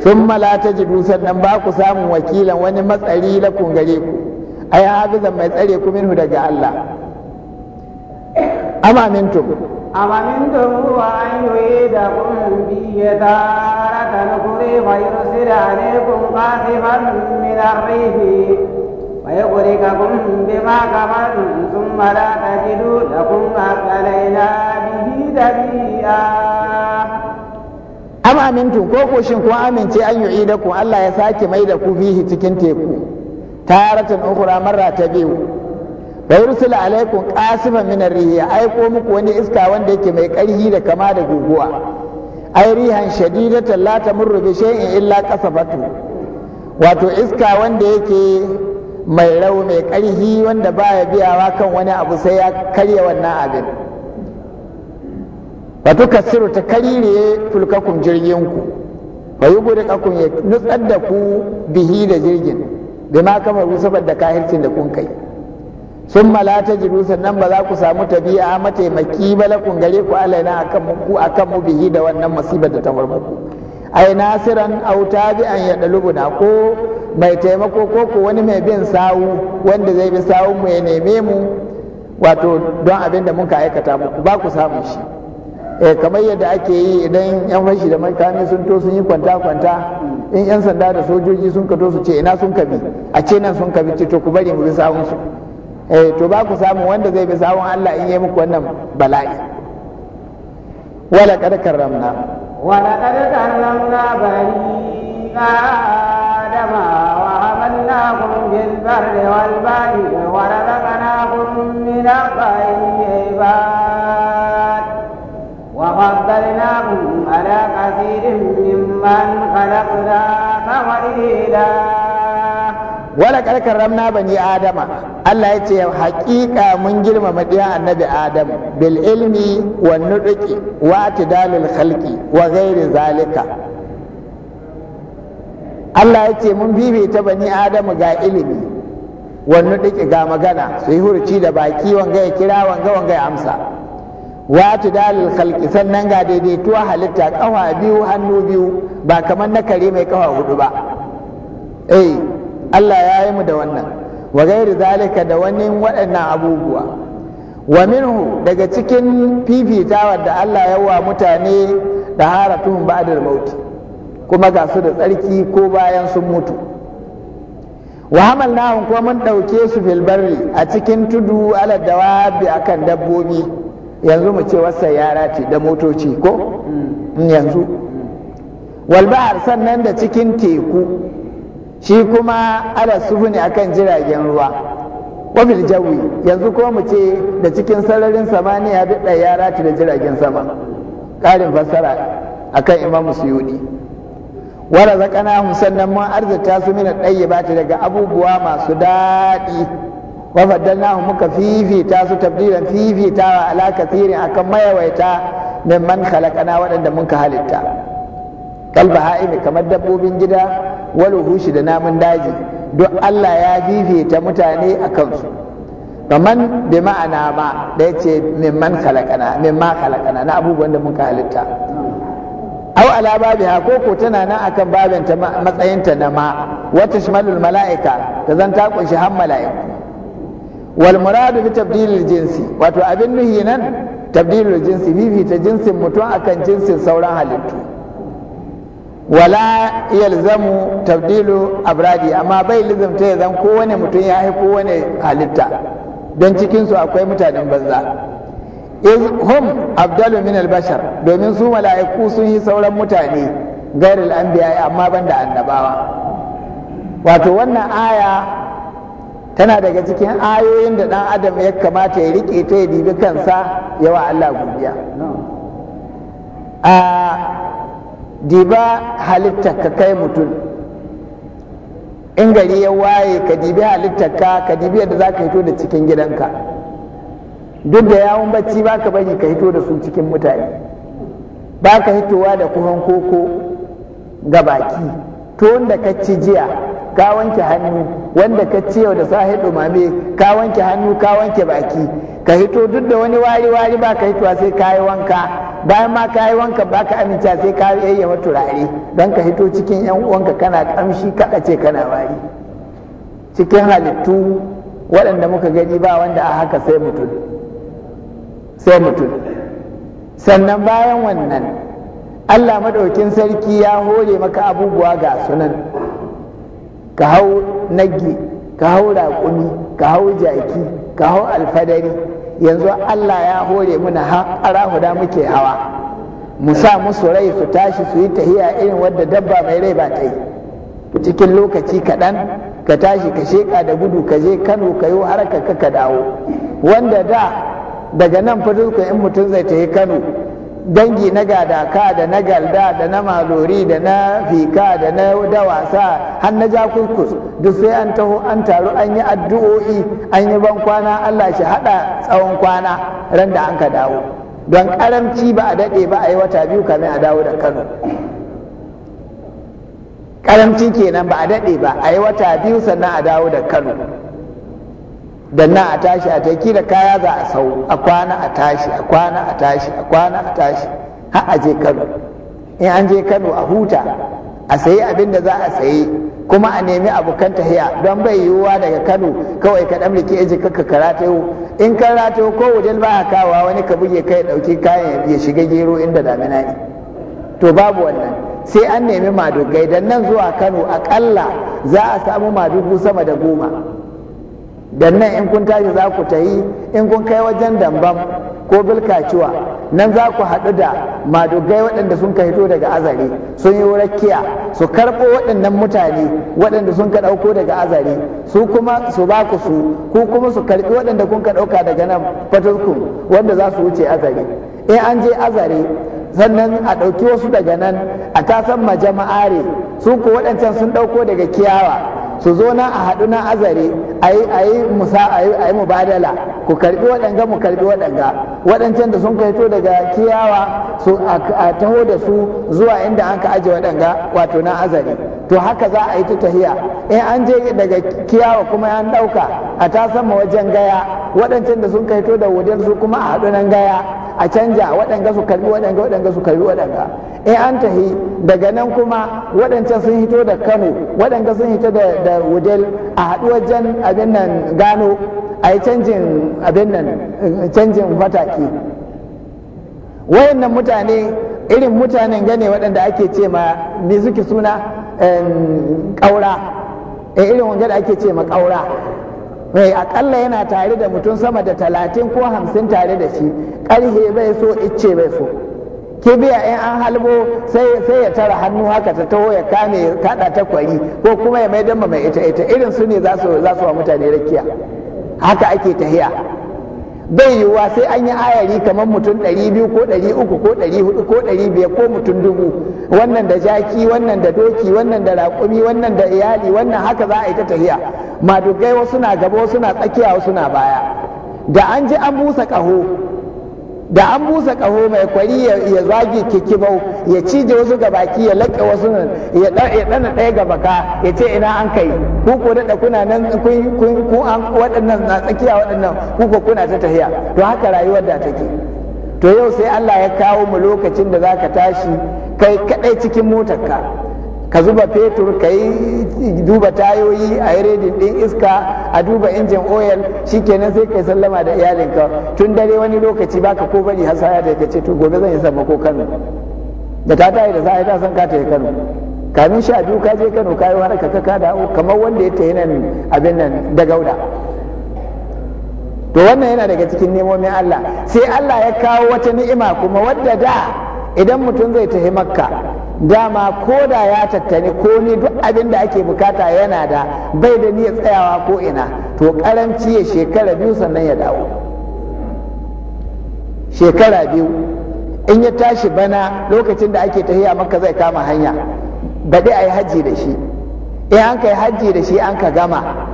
sun malata dusar sannan ba ku samun wakilan wani matsari lakun gare ku A ai hafizan mai tsare ku minhu daga Allah amma mintum amma mintum huwa an da kun bi ya tara kan kure wa yursila alaikum qasifan min arrihi wa yughriqakum bima kamantum thumma la tajidu lakum alaina bihi biya. am amintum ko ko shin kun amince an yu'idakum Allah ya sake mai da ku fihi cikin teku taratan ukhra marra ta biyu wa yursila alaikum qasifan min ar-rihi ya aiko muku wani iska wanda yake mai karhi da kama da guguwa ai rihan shadidatan la tamurru bi shay'in illa qasafatu wato iska wanda yake mai rau mai karhi wanda baya biyawa kan wani abu sai ya karya wannan abin ka siru ta karire fulkakun jirgin ku yi gudu kakun ya nutsar da ku bihi da jirgin bi ma kamar ku da kahircin da kun kai sun malata jiru sannan ba za ku samu tabi'a mataimaki ba lakun gare ku alaina muku a kan mu bihi da wannan musibar da ta A ai nasiran bi an ya dalubuna ko mai taimako ko ko wani mai bin sawu wanda zai bi sawun mu ya neme mu wato don abin da muka aikata muku ba ku samun shi eh kamar yadda ake yi idan yan fashi da makami sun to sun yi kwanta kwanta in yan sanda da sojoji sun kato su ce ina sun kabi a ce nan sun kabi ce to ku bari mu bi sawun su eh to ba ku samu wanda zai bi sawun Allah in yi muku wannan bala'i wala kada karramna wala kada karramna bari adama wa hamalnakum bil barri wal bahri wa razaqnakum min al-tayyibat كثير ممن خلقنا تفضيلا ولقد كرمنا بني آدم الله يتي حقيقة من جلم مديا النبي آدم بالعلم والنطق واعتدال الخلق وغير ذلك Allah ya ce mun ta bani Adamu ga ilimi wannan dake ga magana su yi hurci da baki wanga ya kira wanga wanga ya amsa wa tudalil khalqi sannan ga daidaituwa halitta kafa biyu hannu biyu ba kamar na kare mai kafa hudu ba eh Allah ya yi mu da wannan wa gairu zalika da wani waɗannan abubuwa wa minhu daga cikin fifitawa da Allah ya wa mutane da haratuhum ba'dal mauti kuma ga su da tsarki ko bayan sun mutu wa na kuma mun ɗauke su filbarri a cikin tudu ala dawabi akan dabbobi yanzu mu ce wasa yara ce da motoci ko mm. yanzu walbahar sannan da cikin teku shi kuma ala sufuni akan jiragen ruwa wabil jawi yanzu ko mu ce da cikin sararin samaniya da yara ce da jiragen sama ƙarin fassara akan imam suyudi wala zakana sannan mun arzita su mina ta daga abubuwa masu daɗi wa faddalnahu muka fifita su tabdilan wa ala kathirin akan mayawaita min man khalaqana wadanda mun ka halitta kalba ha'imi kamar dabbobin gida wal hushi da namun daji duk Allah ya fifita mutane a kansu kaman bi ma'ana ma da yace min man khalaqana min ma khalaqana na abubuwan da mun ka halitta aw ala babu ko ko tana nan akan babinta matsayinta na ma wata shimalul mala'ika da zan ta kunshi har wal muradu bi jinsi wato abin nuhi nan tabdilil jinsi ta jinsin mutum akan jinsin sauran halittu wala yalzamu tabdilu abradi amma bai ta ya zan kowane mutum ya haifi wani halitta don cikinsu akwai mutanen banza iz hum abdalu min bashar, domin su mala'iku sun yi sauran mutane gairil anbiya amma banda annabawa wato wannan aya tana daga cikin ayoyin da ɗan adam ya kamata ya riƙe ta ya dibi kansa yawa Allah godiya a diba halittar ka kai mutum in gari ya waye ka dibi halittar ka ka dibi yadda za ka hito da cikin gidanka duk da yawon bacci ba ka bari ka hito da su cikin mutane ba ka hitowa da kuhan koko ga baki to wanda ka ci jiya ka wanke hannu wanda ka ce da sahi dumame ka wanke hannu ka wanke baki ka hito duk da wani wari wari ba ka hitowa sai ka yi wanka bayan ma ka yi wanka ba ka aminta sai ka yi yayyawa turare don ka hito cikin yan uwanka kana kamshi ka ce kana wari cikin halittu waɗanda muka gani ba wanda a haka sai mutum sai mutum sannan bayan wannan Allah madaukin sarki ya hore maka abubuwa ga sunan ka hau nagi ka hau raƙumi ka hau jaki ka hau alfadari yanzu Allah ya hore muna har huda muke hawa mu sa musu rai su tashi su yi tahiya irin wanda dabba mai rai ba ta yi cikin lokaci kaɗan ka tashi ka sheƙa da gudu ka je kano ka yi har ka dawo wanda da daga nan fa in mutum zai tahi kano dangi na gadaka da na galda da na malori da na fika da na dawasa har na ja kurkus duk sai an taho an taru an yi addu'o'i an yi ban kwana Allah shi hada tsawon kwana ran da an ka dawo don karamci ba a daɗe ba a yi wata biyu kamar a dawo da Kano karamci kenan ba a daɗe ba a yi wata biyu sannan a dawo da Kano dan na a tashi a ta kira kaya za a sau a kwana a tashi a kwana a tashi a kwana a tashi har a je Kano in an je Kano a huta a sayi abin da za a sayi kuma a nemi abokan tahiya don bai yiwuwa daga Kano kawai ka dan rike eji ka karatayo in kan ratayo ko wajen ba a kawa wani ka buge kai dauki kayan ya shiga gero inda damina ne to babu wannan sai an nemi madugai dan nan zuwa Kano akalla za a samu madugu sama da goma dan nan in kun tashi za ku tayi in kun kai wajen dambam ko bilkaciwa nan za ku haɗu da madugai waɗanda sun ka hito daga azare sun yi rakiya su karɓo waɗannan mutane waɗanda sun ka ɗauko daga azare su kuma su ba ku su ku kuma su karɓi waɗanda kun ka ɗauka daga nan fatarku wanda za su wuce azare in an je azare sannan a ɗauki wasu daga nan a tasan majama'are su ku waɗancan sun ɗauko daga kiyawa su zo na a haɗu na azare a yi musa a yi mubadala ku karbi waɗanga mu karbi waɗanga waɗancan da sun to daga kiyawa su a taho da su zuwa inda an ka aje waɗanga wato na azare to haka za a yi ta tahiya in an je daga kiyawa kuma an ɗauka a ta sama wajen gaya waɗancan da sun to da wajen su kuma a haɗu nan gaya a canja waɗanga su karbi waɗanga waɗanga su karbi waɗanga in an tahi daga nan kuma waɗancan sun hito da kano waɗanga sun hito da, da wudel a haɗu wajen abin nan gano a yi canjin abin nan canjin mataki wayannan mutane irin mutanen gane waɗanda ake ce ma me suke suna ƙaura eh, irin wanda ake ce ma ƙaura mai eh, akalla yana tare da mutum sama da talatin ko hamsin tare da shi ƙarhe bai so icce bai so biya in an halbo sai ya tara hannu haka ta taho ya kame ya kada ta kwari ko kuma ya mai damma mai ita ita irin su ne za su wa mutane rakiya haka ake tahiya bai yiwuwa sai an yi ayari kamar mutum 200 ko 300 ko 400 ko 500 ko mutum dubu wannan da jaki wannan da doki wannan da raƙumi wannan da iyali wannan haka za a yi ta tahiya madugai wasu na gaba wasu na tsakiya wasu na baya da an ji an busa ƙaho da an busa kaho mai kwari ya zage kikibau ya cije wasu ga baki ya laƙe wasu nan ya ɗana ɗaya ga baka ya ce ina an kai ku ko da kuna nan kun ku an waɗannan na tsakiya waɗannan ku ko kuna ta tahiya to haka rayuwar da take to yau sai Allah ya kawo mu lokacin da zaka tashi kai kaɗai cikin motarka ka zuba fetur ka yi duba tayoyi a yi redin ɗin iska a duba injin oil kenan sai ka yi sallama da iyalinka tun dare wani lokaci baka ko bari har saya da kace to gobe zan yi sama ko Kano da ta tayi da sai ta san ka tayi Kano kamin sha biyu ka je Kano kayi har ka ka dawo kamar wanda ya tayi nan abin nan da gauda to wannan yana daga cikin nemomin Allah sai Allah ya kawo wata ni'ima kuma wadda da idan mutum zai tafi makka dama ko da ya tattani ko ni duk abin da ake bukata yana da bai da niyyar tsayawa ko ina to karanci ya shekara biyu sannan ya dawo shekara biyu in ya tashi bana lokacin da ake tafiya makka zai kama hanya baɗi a yi hajji da shi in an kai hajji da shi an ka gama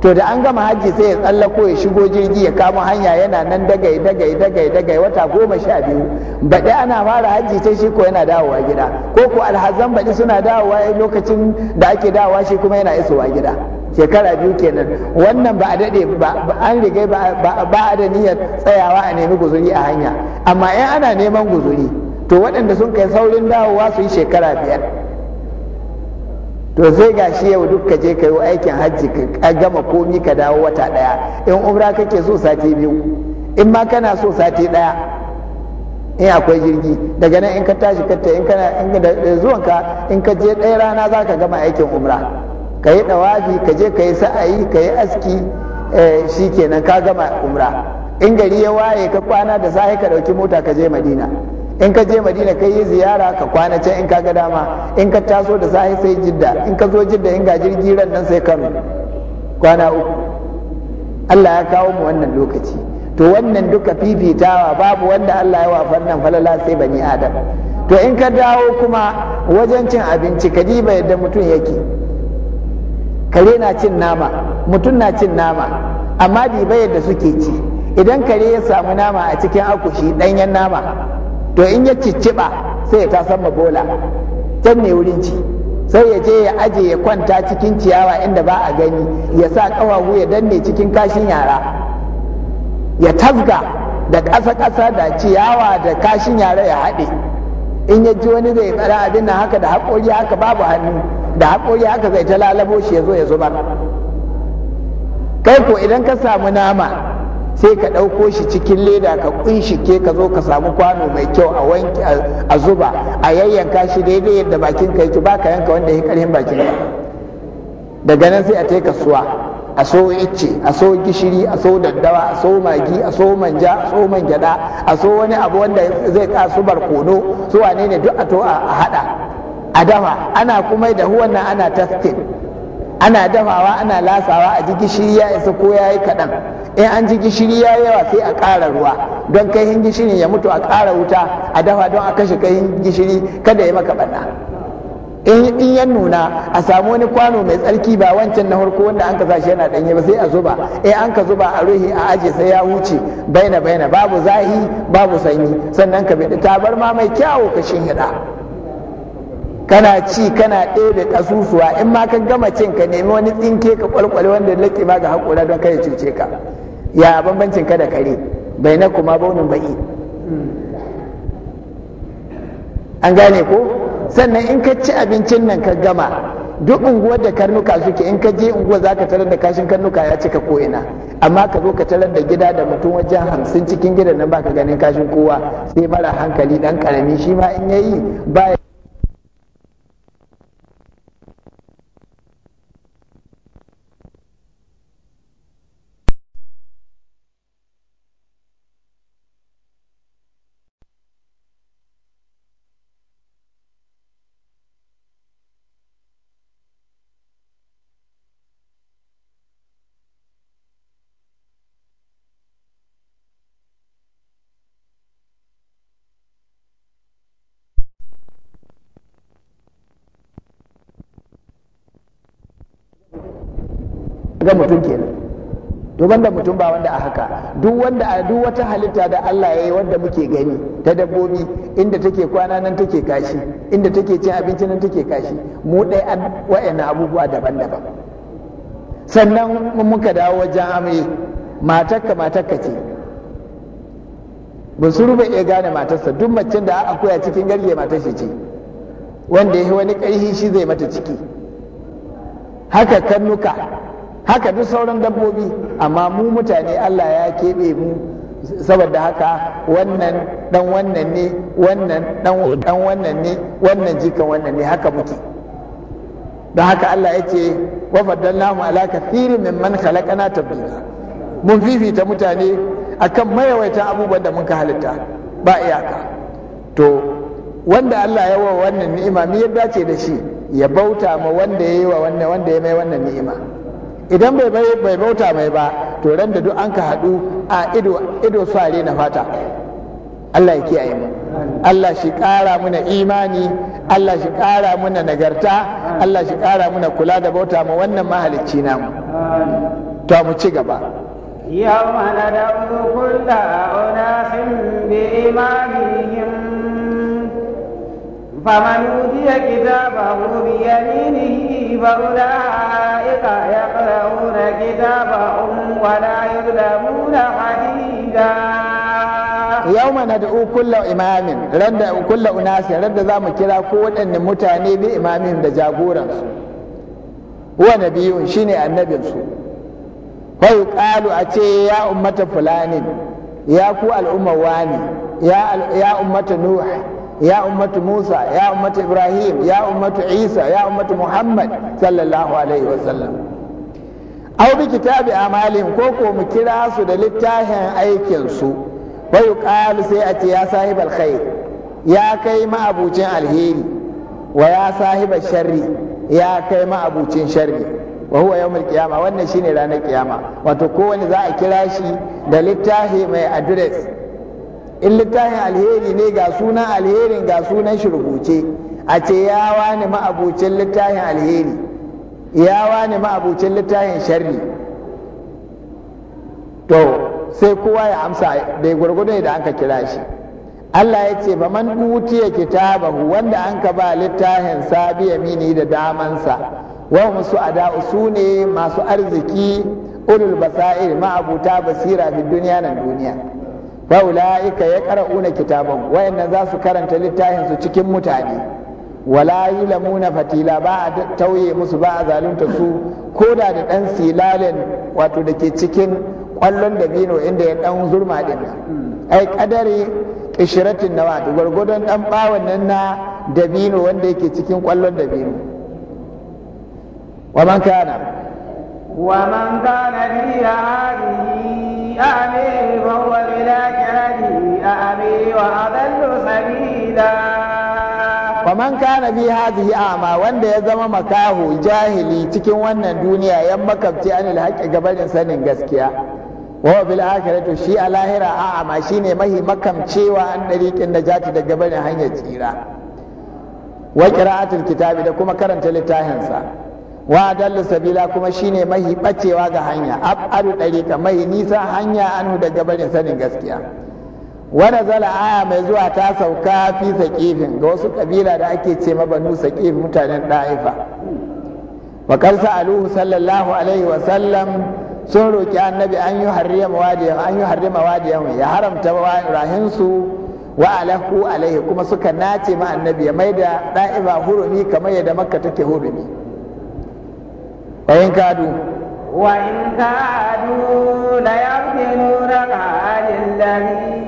to da an gama hajji sai ya tsallako ya shigo jirgi ya kama hanya yana nan dagai dagai dagai dagai wata goma sha biyu baɗi ana fara hajji sai shi ko yana dawowa gida ko ko alhazan baɗi suna dawowa lokacin da ake dawowa shi kuma yana isowa gida shekara biyu kenan wannan ba a daɗe ba an rigai ba a da niyyar tsayawa a nemi guzuri a hanya amma in ana neman guzuri to waɗanda sun kai saurin dawowa su yi shekara biyar to sai ga shi yau duk ka je ka yi aikin hajji ka gama komi ka dawo wata ɗaya in umra kake so sati biyu in ma kana so sati ɗaya in akwai jirgi daga nan in ka tashi ta in kana in da zuwan ka in ka je ɗaya rana za ka gama aikin umra ka yi ɗawafi ka je ka yi sa'ayi ka yi aski eh, shi kenan ka gama umra in gari ya waye ka kwana da sahi ka ɗauki mota ka je madina in ka je madina ka yi ziyara ka kwana can in ka ga dama in ka taso da sahi sai jidda in ka zo jidda in ga jirgi ran nan sai kano kwana uku Allah ya kawo mu wannan lokaci to wannan duka fifitawa babu wanda Allah ya wa nan falala sai bani adam to in ka dawo kuma wajen cin abinci ka diba yadda mutum yake kare na cin nama mutum na cin nama amma diba yadda suke ci idan kare ya samu nama a cikin akushi ɗanyen nama to in ya cicciba sai ya ta tasan bola can ne wurin ci sai ya je ya aje ya kwanta cikin ciyawa inda ba a gani ya sa ƙawahu ya danne cikin kashin yara ya tasga da ƙasa-ƙasa da ciyawa da kashin yara ya haɗe in ya ji wani zai tsara abin nan haka da haƙori haka babu hannu da haƙori haka zai ta lalabo shi ya zo ya zubar kai ko idan ka samu nama sai ka ɗauko shi cikin leda ka ke ka zo ka samu kwano mai kyau a wanki a zuba a yayyanka shi daidai yadda bakin ka yake baka yanka wanda ya karhin bakin ka daga nan sai a ka kasuwa a so icce a so gishiri a so daddawa a so magi a so manja a so man gyada a so wani abu wanda zai kasu barkono su wane ne duk a to a hada a dafa ana kuma da huwan nan ana tasting ana dafawa ana lasawa a ji gishiri ya isa ko ya yi kaɗan in an ji gishiri ya yawa sai a ƙara ruwa don kai hin gishiri ya mutu a ƙara wuta a dafa don a kashe kai gishiri kada ya maka banna in ya nuna a samu wani kwano mai tsarki ba wancan na harko wanda an ka shi yana danye ba sai a zuba in an ka zuba a ruhi a aje sai ya wuce baina baina babu zahi babu sanyi sannan ka bidi ma mai kyawo ka hida kana ci kana ɗebe ƙasusuwa in ma ka gama cin ka nemi wani tsinke ka ƙwalƙwale wanda laƙi ma ga haƙura don kai ya cuce ka ya bambancin ka da kare bai na kuma baunin ba'i an gane ko sannan in ka ci abincin nan ka gama duk unguwar da karnuka suke in ka je unguwar za ka tarar da kashin karnuka ya cika ko ina, amma ka zo ka tarar da gida da mutum wajen hamsin cikin gidan nan baka ganin kashin kowa sai mara hankali dan karami shi ma in yayi ba shiga mutum kenan to banda mutum ba wanda a haka duk wanda a duk wata halitta da Allah ya yi wanda muke gani ta dabbobi inda take kwana nan take kashi inda take cin abinci nan take kashi mu dai an abubuwa daban-daban sannan muka dawo wajen amai matakka matakka ce bunsuru bai iya gane matarsa duk macen da koya cikin garge matar shi ce wanda ya wani karhi shi zai mata ciki haka kannuka haka duk sauran dabbobi amma mu mutane Allah ya keɓe mu saboda haka wannan dan wannan ne wannan dan wannan ne wannan jikan wannan ne haka muke don haka Allah ya ce wa faddalnahu ala kathirin man khalaqana tabdila mun fifita mutane akan mayawaitan abubuwan da muka halitta ba iyaka to wanda Allah ya wa wannan ni'ima me ya dace da shi ya bauta ma wanda ya yi wa wannan wanda ya mai wannan ni'ima idan bai bauta mai ba to ran da duk an ka haɗu a ido ido sare na fata Allah ya kiyaye mu Allah shi ƙara muna imani Allah shi ƙara muna nagarta Allah shi ƙara muna kula da bauta ma wannan mahalicci namu to mu ci gaba يوم ندعو كل bi بإمامهم فمن أوتي كتابه بيمينه فأولئك يقرؤون كتابهم ولا يظلمون حديدا yawma nad'u kullu imamin randa kullu unasi randa zamu kira ko waɗanne mutane bi imamin da jagoransu huwa nabiyun shine annabinsu fa yuqalu a ce ya ummata fulanin ya ku al'umma wani ya ummata nuh ya ummatu Musa ya ummatu Ibrahim ya ummatu Isa ya ummatu Muhammad sallallahu alaihi wasallam aw bi kitabi amalin ko ko mu kira su da littafin aikin su wa sai a ce ya sahibal khair ya kai ma'abucin alheri ya sahibal sharri ya kai ma'abucin sharri wa huwa yawmul qiyama wannan shine ranar kiyama wato kowanne za a kira shi da littafi mai adres? in littafin alheri ne ga sunan alherin ga sunan shi rubuce a ce ya wani ma'abucin littafin alheri ya wani ma'abucin littafin sharri to sai kowa ya amsa da gwargwado da ka kira shi Allah ya ce ba man utiya kitabahu wanda an ka ba littafin sabi yamini da damansa wa musu ada'u su masu arziki ulul basa'ir ma'abuta basira fi duniya nan duniya ula'ika ya ƙara'una kitabun, wayannan za su karanta littafin su cikin mutane wala yulamuna fatila ba a tauye musu ba a zalunta su ko da da ɗan silalen wato da ke cikin ƙwallon dabino inda ya ɗan zurma ɗin ai ƙadari kishiratin na wato gwargwadon ɗan ɓawon nan na dabino wanda yake cikin ƙwallon dabino wa man kana wa man kana biya ya amin fa شعبي وأضل سبيلا faman kana bi hadhihi a'ma wanda ya zama makaho jahili cikin wannan duniya yan makabci anil haqqi gabanin sanin gaskiya wa bil akhirati shi a lahira a'ma shine mahi makamcewa an da najati da barin hanyar tsira wa qira'atul kitabi da kuma karanta littafin sa wa sabila kuma shine mahi bacewa ga hanya abu dariqa mahi nisa hanya anu da barin sanin gaskiya wani zala aya mai zuwa ta sauka fi saƙifin ga wasu ƙabila da ake ce mabanu saƙif mutanen ɗa'ifa bakar sa'aluhu sallallahu alaihi wasallam sun roƙi annabi an yi harrima wadiyan ya haramta rahinsu wa alahu alaihi kuma suka nace ma annabi ya mai da ɗa'ifa hurumi kamar yadda makka take hurumi wayin kadu وإن كادوا ليفتنونك عن الذي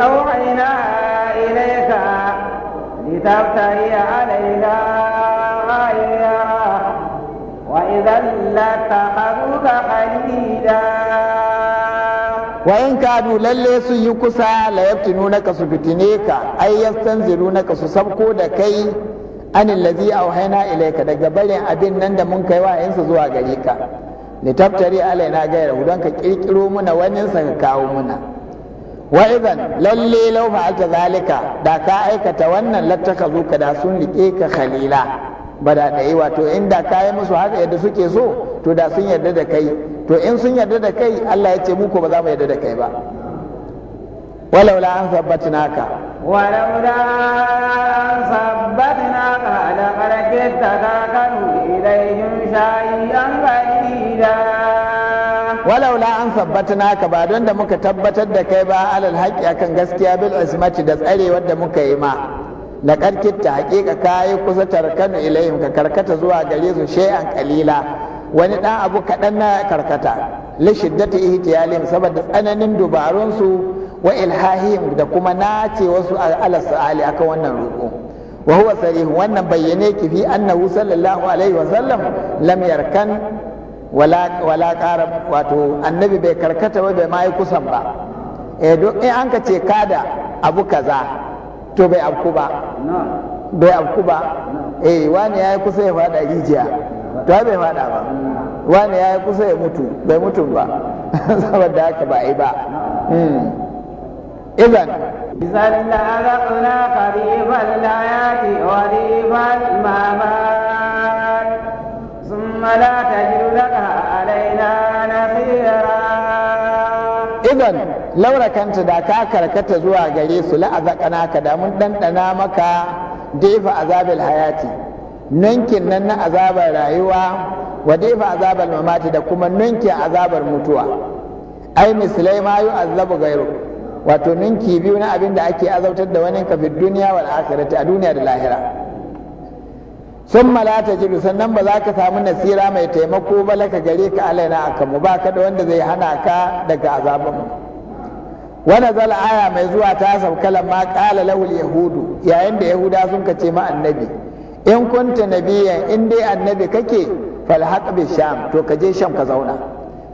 أوحينا إليك لتبتغي علينا غيرا وإذا لاتخذوك خليلا وإن كانوا lalle sun yi kusa la yaftinunaka su fitine ka ai yastanzirunaka su sabko da kai anil ladhi auhayna ilayka daga barin abin nan da mun kai wa'ayinsa zuwa gare ka litaftari alaina gaira don ka kirkiro muna wannan sa ka kawo muna wa idan lalle lau fa'alta zalika da ka aikata wannan lattaka zuka da sun rike ka khalila ba da dai wato inda ka yi musu haka yadda suke so to da sun yarda da kai to in sun yarda da kai Allah ya ce muku ba za mu yarda da kai ba walaula an sabbatnaka walaula an sabbatnaka ala qad kitta ka kanu ilayhim shay'an qalila walaula an sabbatna ka ba don da muka tabbatar da kai ba alal haƙi akan gaskiya bil ismati da tsarewar da muka yi ma da ta haƙiƙa kayi kusa tarkanu ilayhim ka karkata zuwa gare su shay'an qalila wani dan abu kaɗan na karkata li shiddati ihtiyalihim saboda tsananin dubarun su wa ilhahihim da kuma nace wasu ala sa'ali akan wannan roƙo wa huwa sarih wannan bayyane ki fi annahu sallallahu alaihi wa sallam lam yarkan wala ƙara wato annabi bai karkata ba bai ma yi kusan ba eh don in an ka ce kada abu kaza to bai abku ba bai abku ba eh wani ya yi kusa ya fada rijiya to bai fada ba wani ya yi kusa ya mutu bai mutu ba saboda haka ba yi ba hmm. idan إذا لأذقنا قريب الآيات وريب الممات ولا تجد لك laura kanta da ka karkata zuwa gare su la'azakana ka da mun ɗanɗana maka defa azabil hayati nunkin nan na azabar rayuwa wa defa azabar mamati da kuma ninkin azabar mutuwa ai misalai ma yu azabu gairu wato ninki biyu na abin da ake azabtar da wani kafin duniyawar wal a duniya da lahira sun malata jiru sannan ba za ka samu nasira mai taimako ba laka gare ka alaina a kanmu ba ka da wanda zai hana ka daga mu wani zala aya mai zuwa ta saukalan ma kala lahul yahudu yayin da yahuda sun kace ma annabi in kunta nabiyan in dai annabi kake falhaq bi sham to ka je sham ka zauna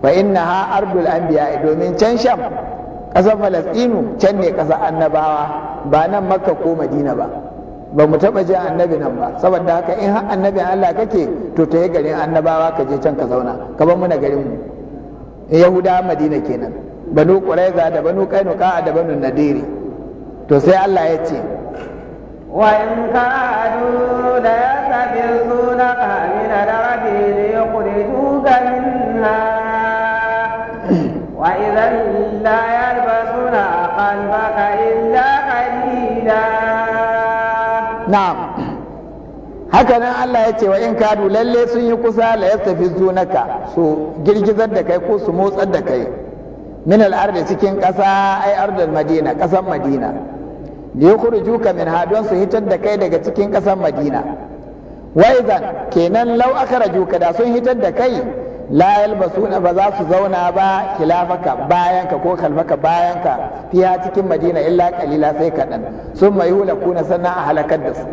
fa ha ardul anbiya domin can sham ƙasar falastinu can ne ƙasar annabawa ba nan makka ko madina ba ba mu taɓa jin annabi nan ba saboda haka in har annabi Allah kake to ta yi garin annabawa ka je can ka zauna ka bar mu na garin mu yahuda madina kenan banu quraiza da banu kainuka da banu nadiri to sai Allah ya ce wa in kadu la yasbilunaka min al-ardi liyukhrijuka minha wa idhan la yalbasuna khalfaka illa na'am haka nan Allah ya ce wa in kadu lalle sun yi kusa la yastafizunaka su girgizar da kai ko su motsar da kai min al cikin ƙasa ai ardal madina ƙasar madina da juka min hadon su hitar da kai daga cikin ƙasar madina wa idan kenan law akhrajuka da sun hitar da kai la yalbasuna ba za su zauna ba kilafaka bayanka ko kalfaka bayanka fiya cikin madina illa kalila sai kaɗan sun mai hula kuna sannan a halakar da su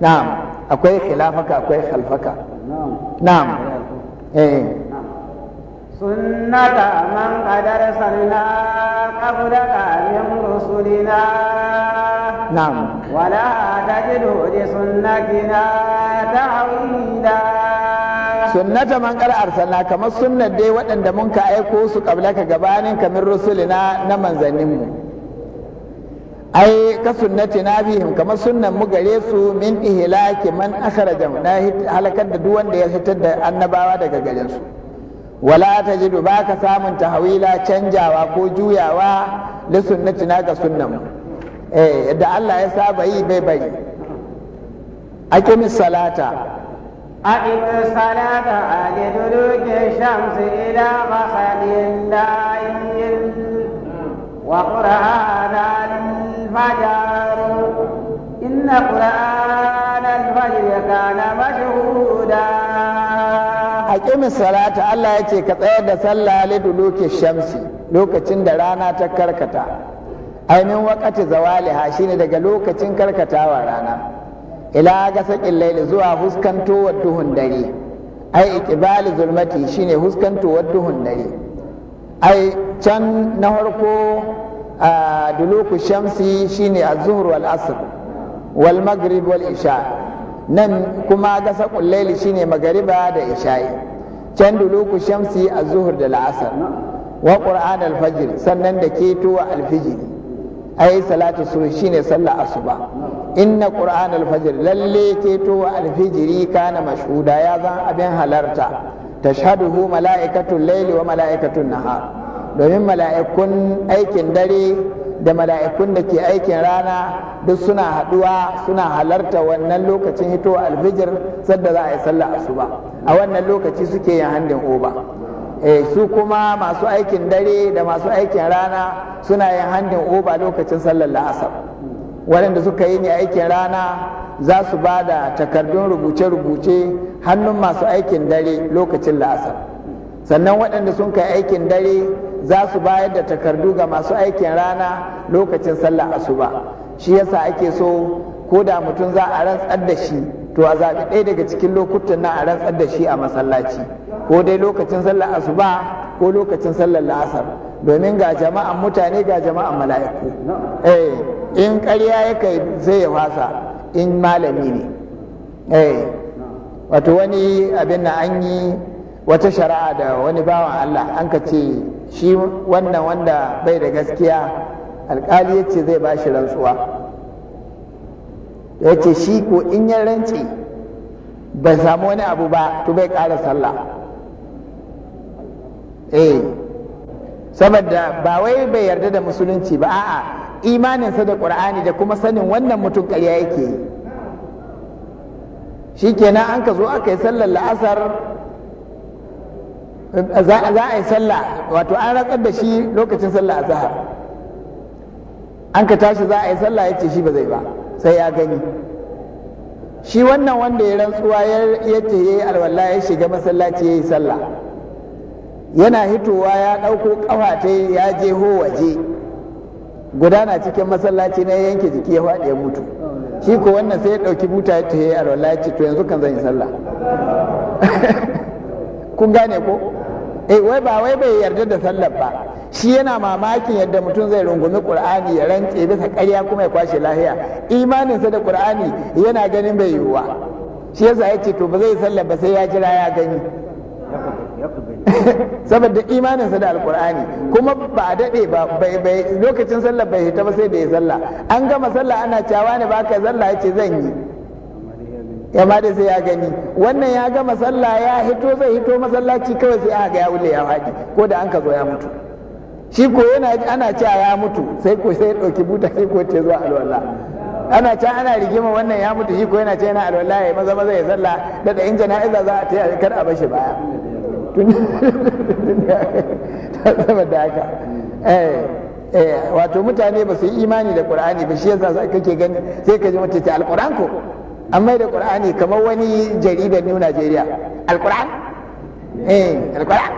na'am akwai kilafaka akwai kalfaka na'am eh sunnata man qadar sanna qabla min rusulina na'am wala tajidu li sunnatina ta'wila sunnata man qala arsalna kamar sunnar dai waɗanda mun ka aiko su kabla ka gabanin kamar rusulina na manzannin mu ai ka sunnati na bihim kamar sunnan mu gare su min ihlaki man akhraja na halakar da duk wanda ya fitar da annabawa daga garin su wala tajidu baka samun tahwila canjawa ko juyawa da sunnati na ga sunnan mu eh da Allah ya saba yi bai bai aqimis salata أعلم الصلاة على دلوك الشمس إلى غسل دائم وقرآن الفجر إن قرآن الفجر كان مشهودا Haƙimin salata Allah ya ce ka tsaye da sallah ya lidu lokacin shamsi lokacin da rana ta karkata ainihin wakati zawaliha shi ne daga lokacin karkatawa rana ila sakin laili zuwa huskantowar duhun dare ai Ikibali zulmati shine huskantowar duhun dare ai can na harko a duluku shamsi shine az-zuhr wal asr wal maghrib wal isha nan kuma sakin laili shine magariba da isha'i can duluku shamsi a Zuhur da al-asr wa qur'an al-fajr sannan da ketowa al-fajr ai salatu subh shine sallar asuba inna qur'an al-fajr lalle keto al fajri kana mashhuda ya zan abin halarta tashhaduhu mala'ikatul layl wa mala'ikatul nahar domin mala'ikun aikin dare da mala'ikun da ke aikin rana duk suna haduwa suna halarta wannan lokacin hito alfijir sadda za a yi sallah asuba a wannan lokaci suke yin handin oba eh su kuma masu aikin dare da masu aikin rana suna yin handin oba lokacin sallar la'asar waɗanda suka yi ne aikin rana za su ba da takardun rubuce-rubuce hannun masu aikin dare lokacin la'asar sannan waɗanda sun kai aikin dare za su bayar da takardu ga masu aikin rana lokacin sallar asuba shi yasa ake so ko da mutum za a rantsar da shi to a zaɓi ɗaya daga cikin lokutan na a rantsar da shi a masallaci ko dai lokacin sallar asuba ko lokacin sallar la'asar domin ga jama'an mutane ga jama'an mala'iku eh in ƙarya ya kai zai ya fasa in malami ne eh wato wani abin na an yi wata shari'a da wani bawan Allah an ka ce shi wannan wanda bai da gaskiya alkali ya ce zai ba shi rantsuwa ya ce shi ko in ya rantse bai samu wani abu ba to bai ƙara sallah eh saboda ba wai bai yarda da musulunci ba a'a imaninsa da qur'ani da kuma sanin wannan mutum ƙarya yake yi shikenan an ka zo aka yi sallar la'asar za a yi sallah wato an ratsar da shi lokacin sallah azhar an ka tashi za a yi sallah ya ce shi ba zai ba sai ya gani shi wannan wanda ya rantsuwa ya ce ya yi alwala ya shiga masallaci ya yi sallah yana hitowa ya ɗauko ƙafa ta ya je ho waje gudana cikin masallaci na yanke jiki ya faɗi ya mutu shi ko wannan sai ya ɗauki buta ta yi alwala ya to yanzu kan zan yi sallah kun gane ko eh wai ba wai bai yarda da sallar ba shi yana mamakin yadda mutum zai rungumi ƙur'ani, ya rantse bisa ƙarya kuma ya kwashe lahiya imaninsa da qur'ani yana ganin bai yiwuwa shi yasa ya ce to ba zai sallar ba sai ya jira ya gani saboda imaninsa da alkur'ani kuma ba a daɗe ba lokacin sallah bai hita ba sai da ya sallah an gama sallah ana cawa ne ba ka sallah ya ce zan yi ya ma sai ya gani wannan ya gama sallah ya hito zai hito masallaci kawai sai aka ga ya wule ya faɗi ko da an ka zo ya mutu shi ko yana ana cewa ya mutu sai ko sai ya ɗauki buta sai ko ta zuwa alwala ana ce ana rigima wannan ya mutu shi ko yana ce yana alwala ya maza maza ya sallah da da in jana'iza za a yi, kar a bashi baya tun saboda haka eh, eh, wato mutane ba su yi imani da qur'ani ba shi yasa kake gani sai ka ji mutum ta alquran ko amma da qur'ani kamar wani jaridar new nigeria alquran eh alquran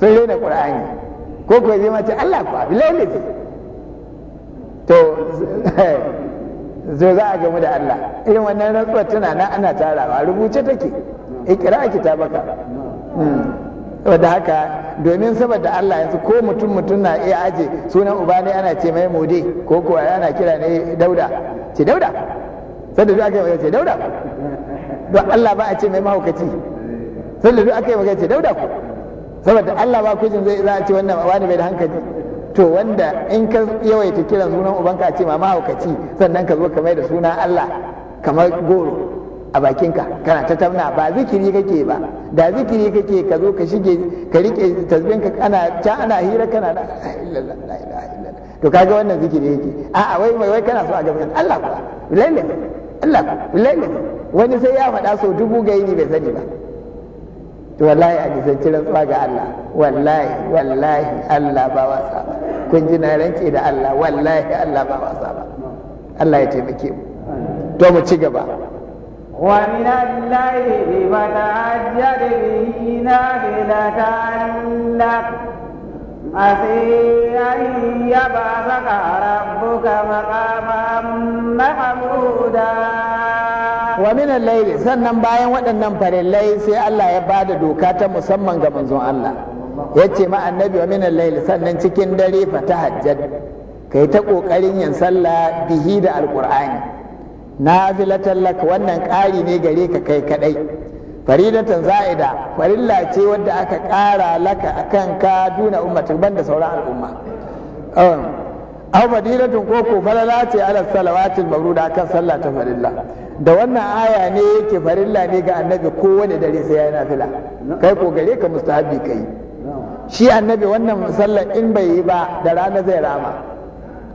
sun rena qur'ani ko ko zai mace Allah ko abi lailafi to zai za a gamu da Allah irin wannan rantsuwar tana nan ana tarawa rubuce take ikra kitabaka wadda haka domin saboda Allah yanzu ko mutum mutum na iya aje sunan uba ne ana ce mai mode ko kuwa ana kira ne dauda ce dauda sanda duk aka yi ce dauda don Allah ba a ce mai mahaukaci sanda duk aka yi ce dauda ku. saboda Allah ba kujin zai za a ce wannan wani bai da hankali to wanda in ka yawaita kiran sunan ubanka a ce ma mahaukaci sannan ka zo ka mai da suna Allah kamar goro a bakinka kana ta tamna ba zikiri kake ba da zikiri kake ka zo ka shige ka rike tasbinka kana ta ana hira kana da to kaga wannan zikiri yake a a wai wai kana so a gaba Allah ku lalle Allah ku lalle wani sai ya faɗa so dubu ga yini bai sani ba to wallahi a nisanci rantsuwa ga Allah wallahi wallahi Allah ba wasa ba kun ji na ranke da Allah wallahi Allah ba wasa ba Allah ya taimake mu to mu ci gaba ومن الليل فتهجد به نافلة لك عسي أن يبعثك ربك مقاما محمودا ومن الليل sannan bayan waɗannan farillai sai Allah ya bada doka ta musamman ga manzon Allah ya ce ma annabi wa min al sannan cikin dare fa tahajjad kai ta kokarin yin sallah bihi da alqur'ani nafilatan lak wannan ƙari ne gare ka kai kadai faridatan za'ida farilla ce wadda aka ƙara laka akan ka duna ummatin banda sauran al'umma um, aw fadilatun ko ko falala ce ala salawatil mabruda akan sallah ta farilla da wannan aya ne yake farilla ne ga annabi wani dare sai yana fila kai ko gare ka mustahabi kai shi annabi wannan musallar in bai yi ba da rana zai rama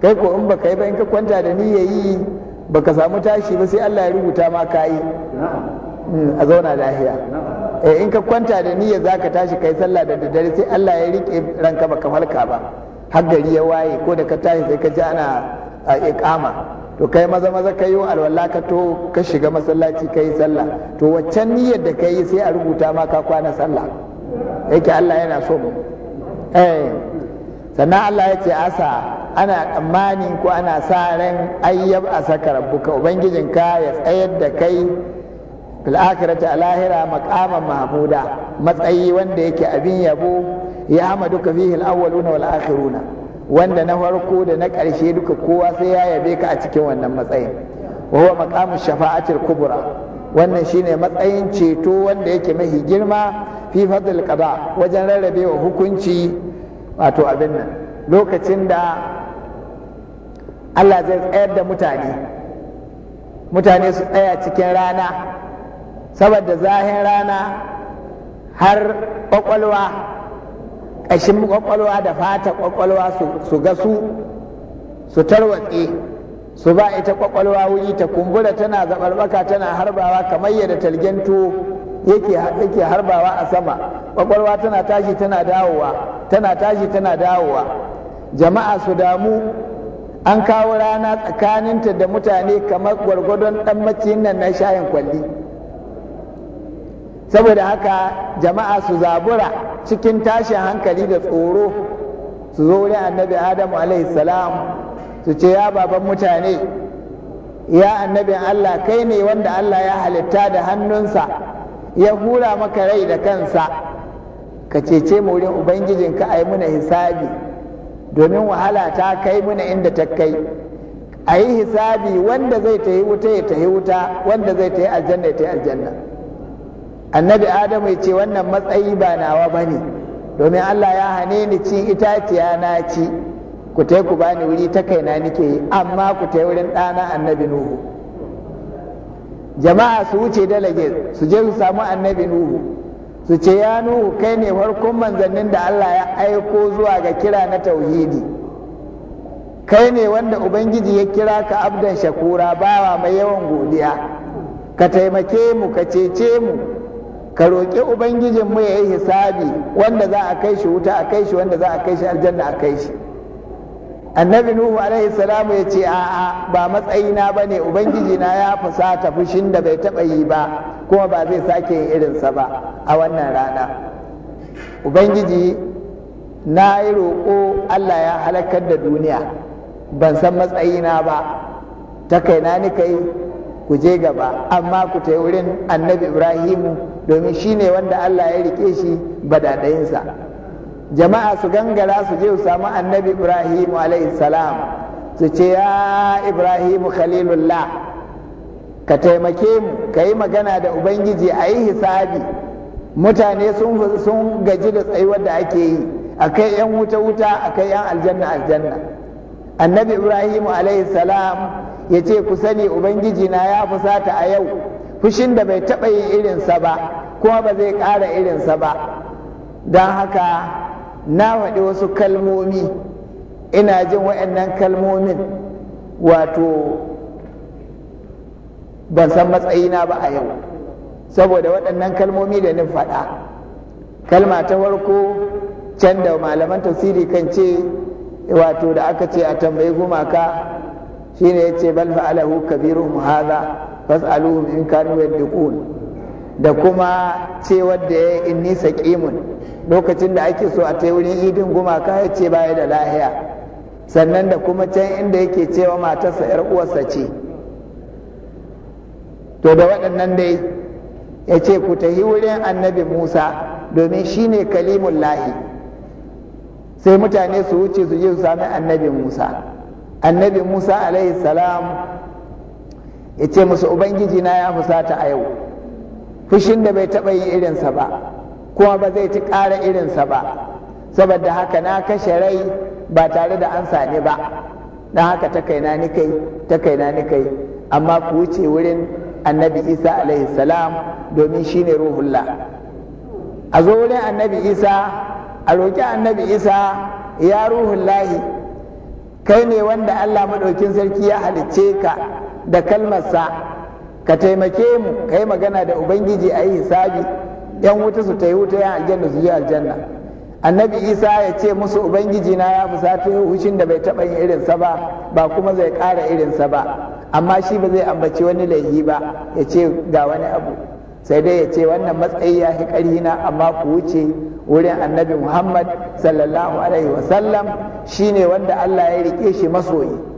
kai ko in ka yi ba in ka kwanta da yi. baka samu tashi ba sai Allah ya rubuta ma kayi a zauna lahiya eh, in ka kwanta da niyyar zaka tashi kai sallah da daddare sai Allah ya rike ranka baka falka ba har gari ya waye ko da ka tashi sai ka ji ana iqama to kai maza maza ka yi alwala ka to ka shiga masallaci ka yi sallah to waccan niyyar da ka yi sai a rubuta ma ka kwana sallah yake Allah yana so mu eh sannan Allah ya ce asa ana tsammanin ko ana sa ran ayyab a saka rabbuka ka ya tsayar da kai fil a lahira makaman mahmuda matsayi wanda yake abin yabo ya hamaduka fihi al-awwaluna wal akhiruna wanda na farko da na ƙarshe duka kowa sai ya yabe ka a cikin wannan matsayin wa huwa maqamu shafa'atil kubra wannan shine matsayin ceto wanda yake mahi girma fi fadl qada wajen rarrabewa hukunci wato abin nan lokacin da Allah zai tsayar da mutane mutane su tsaya cikin rana saboda zahin rana har kwakwalwa ƙashin kwakwalwa da fata kwakwalwa su ga su su tarwatse su ba ita kwakwalwa wuri ta kumbura tana zaɓarɓaka tana harbawa kamar yadda talgen tuwo yake harbawa a sama kwakwalwa tana tashi tana dawowa tana tashi tana dawowa jama'a su damu an kawo rana tsakaninta da mutane kamar gwargwadon ɗan maciyin nan na shayin kwalli saboda haka jama'a su zabura cikin tashin hankali da tsoro su zo wurin annabi adamu alayhi salam su ce ya baban mutane ya annabi allah kai ne wanda allah ya halitta da hannunsa ya hura maka rai da kansa ka cece mu wurin ubangijinka a yi muna hisabi domin wahala ta kai mana inda ta kai a yi hisabi wanda zai ta yi wuta ya ta yi wuta wanda zai ta yi aljanna ya ta yi aljanna annabi adamu ya ce wannan matsayi ba nawa ba ne domin allah ya hane ni ci itaciya na ci ku ta ku bani wuri ta kai na nike yi amma ku ta wurin ɗana annabi nuhu jama'a su wuce dalage su je su samu annabi nuhu su ce ya nuhu kai ne farkon manzannin da Allah ya aiko zuwa ga kira na tauhidi kai ne wanda ubangiji ya kira ka abdan shakura bawa mai yawan godiya ka taimake mu ka cece mu ka roƙi ubangijinmu ya yi hisabi wanda za a kai shi wuta a kai shi wanda za a kai shi aljanna a kai shi annabi nuhu alaihi salamu ya ce a'a ba matsayina ba ne ubangiji na ya fusata fushin da bai taɓa yi ba kuma ba zai sake yin irinsa ba a wannan rana ubangiji na yi roƙo allah ya halakar da duniya ban san matsayina ba ta kaina ni kai ku je gaba amma ku ta wurin annabi ibrahimu domin shine wanda allah ya rike shi badaɗayinsa jama'a su gangara su je su samu annabi ibrahim salam su ce ya ibrahim khalilullah ka taimake mu ka yi magana da ubangiji a yi hisabi mutane sun gaji da tsayuwar da ake yi a kai 'yan wuta-wuta a 'yan aljanna aljanna annabi ibrahim salam ya ce ku sani ubangiji na ya fusata a yau fushin da bai taɓa yin irinsa ba kuma ba zai ƙara irinsa ba don haka na faɗi wasu kalmomi ina jin waɗannan kalmomin wato ban san matsayina ba a yau saboda waɗannan kalmomi da ni faɗa kalma ta farko can da malaman tasiri, kan ce wato da aka ce a tambayi gumaka shine ya ce bal fa'alahu mu haza fas'aluhum in kanu yaddiqun da kuma ce wadda ya inni saqimun lokacin da ake so a ta idin gumaka ya ce baya da lahiya sannan da kuma can inda yake cewa matarsa yar uwarsa ce to da waɗannan dai ya ce ku tahi wurin annabi musa domin shi ne kalimun lahi sai mutane su wuce su je su sami annabi musa annabi musa alaihi salam ya ce musu ubangiji na ya fusata a yau fushin da bai taɓa yin irinsa ba kuma ba zai ci ƙara irinsa ba saboda haka na kashe rai ba tare da an sani ba na haka ta kaina ni kai ta kaina ni kai amma ku wuce wurin annabi isa alaihi salam domin shi ne ruhullah a zo wurin annabi isa a roƙi annabi isa ya ruhullahi kai ne wanda allah maɗaukin sarki ya halicce ka da kalmarsa ka taimake mu ka yi magana da ubangiji a yi hisabi yan wuta su ta yi wuta yan aljanna su yi aljanna annabi isa ya ce musu ubangiji na ya fusata hushin da bai taɓa yin irinsa ba ba kuma zai ƙara irinsa ba amma shi ba zai ambaci wani laifi ba ya ce ga wani abu sai dai ya ce wannan matsayi ya fi na amma ku wuce wurin annabi muhammad sallallahu alaihi wasallam shine wanda allah ya riƙe shi masoyi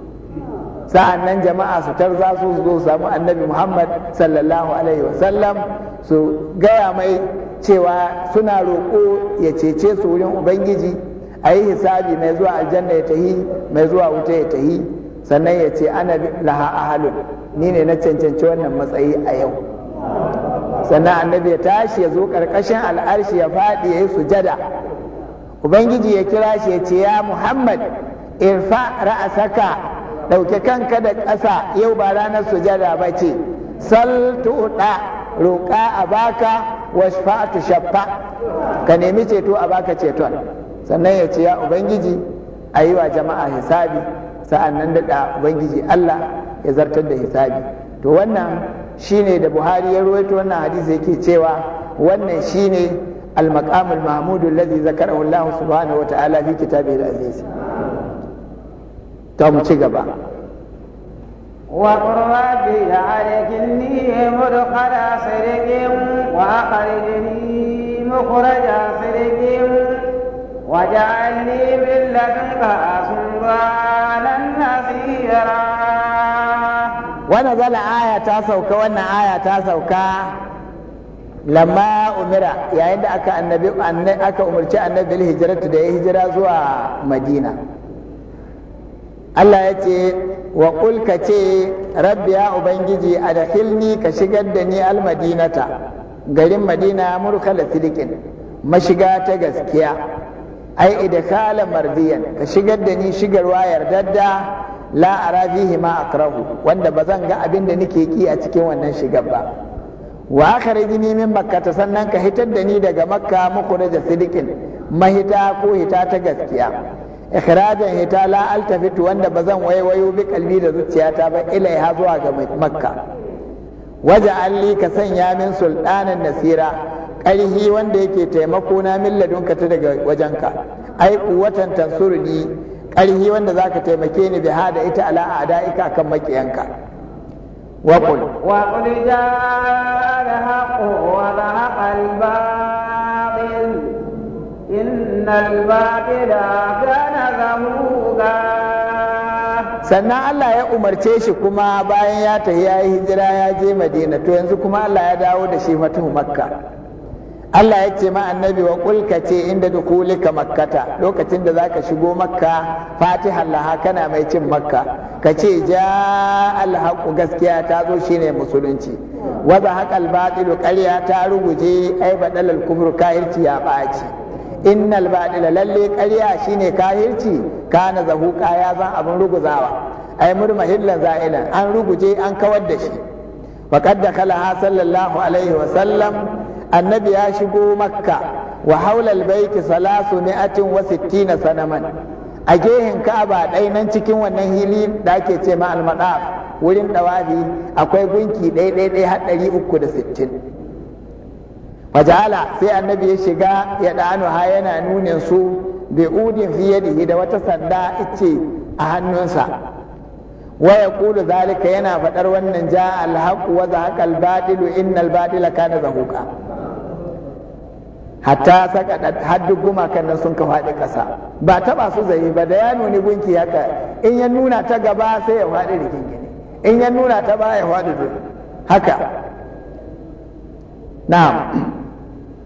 sa'an nan jama'a su tarza su zo samu annabi muhammad sallallahu alaihi wasallam su gaya mai cewa suna roƙo ya cece su wurin ubangiji a yi hisabi mai zuwa aljanna ya tahi mai zuwa wuta ya tahi sannan ya ce ana laha halin ni ne na cancanci wannan matsayi a yau sannan annabi ya tashi ya zo ƙarƙashin al'arshi ya faɗi ya yi sujada ubangiji ya kira shi ya ce ya muhammad irfa ra'asaka ɗauke kanka da ƙasa yau ba ranar sujada ba ce sal da roƙa a baka wa shafa'atu shaffa ka nemi ceto a baka ceton sannan ya ce ya ubangiji a yi wa jama'a hisabi sa'an sa'annan daɗa ubangiji allah ya zartar da hisabi to wannan shine da buhari ya ruwaito wannan hadisi yake cewa wannan shine al-maqamul mahmud alladhi zakarahu Allah subhanahu wa ta'ala fi kitabihi al-aziz ta ci gaba. Wa ƙurwa bi da alikin ya muru kada sirikin wa a ƙarfi mukura da sirikin wa ja ni bin ladin ba a sun ba nan na siyara. Wani zala aya ta sauka wani ya ta sauka lamma umira yayin da aka umarci annabi da ya hijira zuwa madina Allah ya ce wa ka ce rabbi ya ubangiji a da ka shigar da ni almadinata garin madina murkala sidikin mashiga ta gaskiya ai idkhala mardiyan ka shigar da ni shigarwa yardadda la arafihi ma akrahu wanda ba zan ga abin da nake ki a cikin wannan shigar ba wa akhrijni min makkata sannan ka hitar da ni daga makka muku da sidikin mahita ko hita ta gaskiya ikhrajan hita la altafitu wanda bazan waiwayo bi kalbi da zuciyata ba ilaiha zuwa ga makka waje alli ka sanya min sultanan nasira ƙarhi wanda yake taimako na min ladunka ta daga wajenka ai kuwatan tansurni ƙarhi wanda zaka taimake ni bi hada ita ala a'da'ika kan makiyanka wa qul wa qul ja'a al haqu wa al-batil sannan Allah ya umarce shi kuma bayan ya tafi ya yi hijira ya je madina to yanzu kuma Allah ya dawo da shi fatuhu makka Allah ya ce ma annabi wa kulka ce inda dukulika makkata lokacin da za ka shigo makka fatiha laha kana mai cin makka ka ce ja alhaqu gaskiya ta zo shine musulunci wa haqal batilu qarya ta ruguje ai badalal kufru kairci ya ɓaci. innal ba'dila lalle ƙarya shine kahirci kana zahu ya zan abin ruguzawa ai murma murmahillan za'ila. an ruguje an kawar da shi wa qad dakala sallallahu alaihi wa sallam annabi ya shigo makka wa haula albayt salasu mi'atin wa sittina sanaman a gehen ka'aba ɗai nan cikin wannan hili da ake ce ma almadaf wurin dawafi akwai gunki ɗai ɗai ɗai har ɗari uku da sittin faja'ala sai annabi ya shiga ya ɗanu ha yana nunin su bi udin fiye da wata sanda ice a hannunsa wa yaqulu zalika yana faɗar wannan ja alhaku haq wa zahaqa al-batil inna al-batila kana zahuqa hatta saka haddu gumakan nan sun ka faɗi ƙasa ba taɓa su zai ba da ya nuni gunki haka in ya nuna ta gaba sai ya faɗi rigingine in ya nuna ta ba ya faɗi haka na'am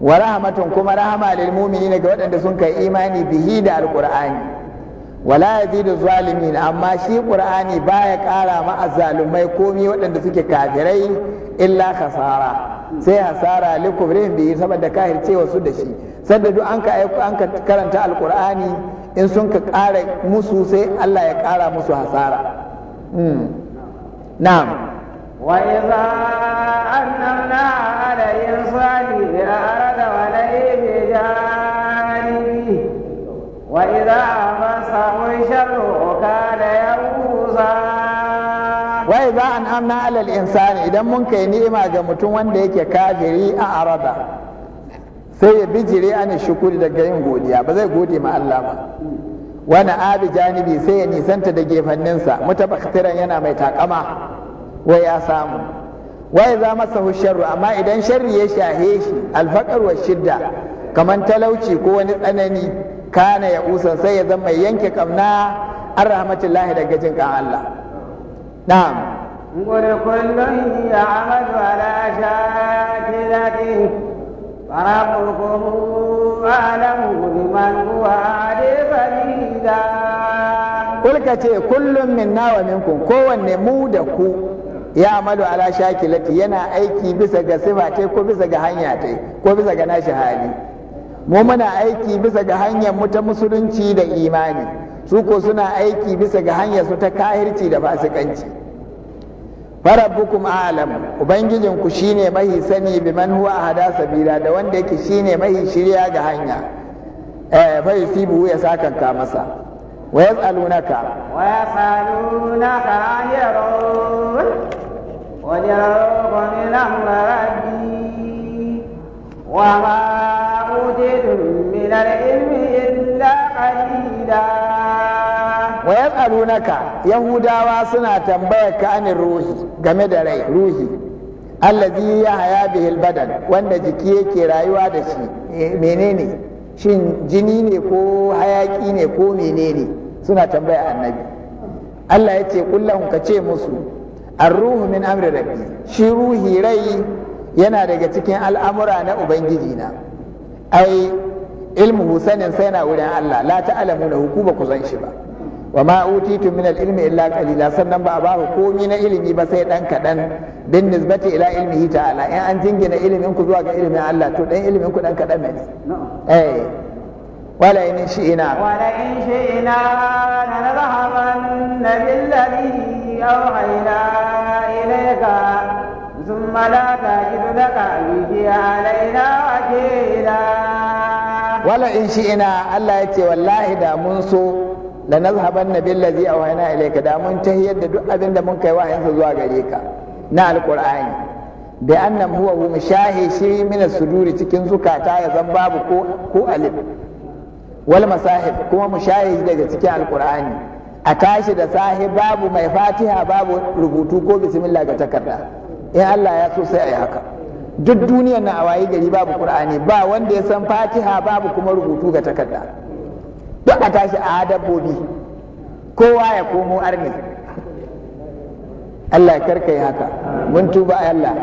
wa rahmatun kuma rahama lil mu'minin ga waɗanda sun kai imani bihi da alqur'ani wala yazidu zalimin amma shi qur'ani baya ƙara ma azzalumai komi waɗanda suke kafirai illa khasara sai hasara li kubrin bihi saboda ce wasu da shi sadda duk an ka an ka karanta alqur'ani in sun ka ƙara musu sai Allah ya ƙara musu hasara hmm. na'am وإذا أنمنا على الإنسان idan عليه بجانبه وإذا مسه الشر كان yake وإذا أنعمنا على الإنسان إذا ممكن نعمة جمتون كافري sai ya bijire ana shukuri daga yin godiya ba zai gode ma Allah ba wani abi janibi sai ya nisanta da gefanninsa mutabakhtiran yana mai takama wai ya samu wai za masa sharru amma idan sharri ya shahe shi alfakar wa shidda kamar talauci ko wani tsanani kana ya usan sai ya zama yanke kamna an rahmatullahi da gajin kan Allah na'am قل كل يعمل على شاكلته فربكم بمن هو kulka ce kullum minna wa minkum kowanne mu da ku ya amalu ala shakilati yana aiki bisa ga sifa ta ko bisa ga hanya ta ko bisa ga nashi hali mu muna aiki bisa ga hanyar mu ta musulunci da imani su ko suna aiki bisa ga hanyar su ta kahirci da fasikanci farabbukum alam ubangijin ku shine mahi sani man huwa ahada sabila da wanda yake shine mahi shirya ga hanya eh fa yusibu ya sakanka masa wa yas'alunaka wa وجوه أمراضي وما suna tambayar ka ruhi game da rai ruhi allazi ya haya bihil badan wanda jiki yake rayuwa da shi menene shin jini ne ko hayaki ne ko menene suna tambaya annabi Allah ya ce kullum ka ce musu ruhu min amri rabbi shi ruhi rai yana daga cikin al'amura na ubangiji na ai ilmu sanin sai na wurin Allah la ta'lamu na ku ba ku san shi ba wa ma utitu min al-ilmi illa qalila sannan ba a ba ku komi na ilimi ba sai dan kaɗan, bin nisbati ila ilmihi ta'ala in an jingina ilimin ku zuwa ga ilimin Allah to ɗan ilimin ku dan kadan ne eh. wala in ina. wala in أوحينا إليك ثم لا تجد لك به علينا وكيلا ولا إن شئنا ألا يتي والله دا منسو لنذهبن بالذي أوحينا إليك دا منتهي تهيد دو أبن دا من كيواه ينسو غريكا نا القرآن بأنم هو هو مشاهي شيء من السجور تكن زكاتا يزباب كو, كو ألب والمصاحف كو مشاهي دا تكن القرآن a tashi da sahi babu mai fatiha babu rubutu ko bismillah ga takarda in Allah ya so sai a haka duk duniyar na a wayi gari babu qur'ani ba wanda ya san fatiha babu kuma rubutu ga takarda duk a tashi a dabbobi kowa ya komo arni Allah karka yi haka mun tuba Allah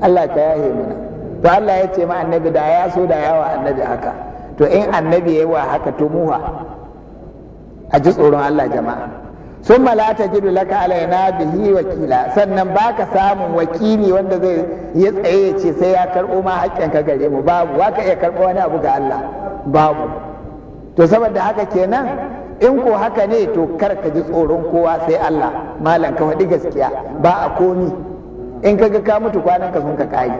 Allah ka yahe mana to Allah ya ce ma annabi da ya so da yawa annabi haka to in annabi yayi wa haka to muwa a ji tsoron Allah jama'a sun malata ta laka alaina bihi wakila sannan baka samun wakili wanda zai ya tsaye ya ce sai ya karɓo ma haƙƙin ka gare mu babu Wa ka iya karɓo wani abu ga Allah babu to saboda haka kenan in ko haka ne to kar ka ji tsoron kowa sai Allah malam ka faɗi gaskiya ba a komi in ka ga ka mutu kwanan ka sun ka kare.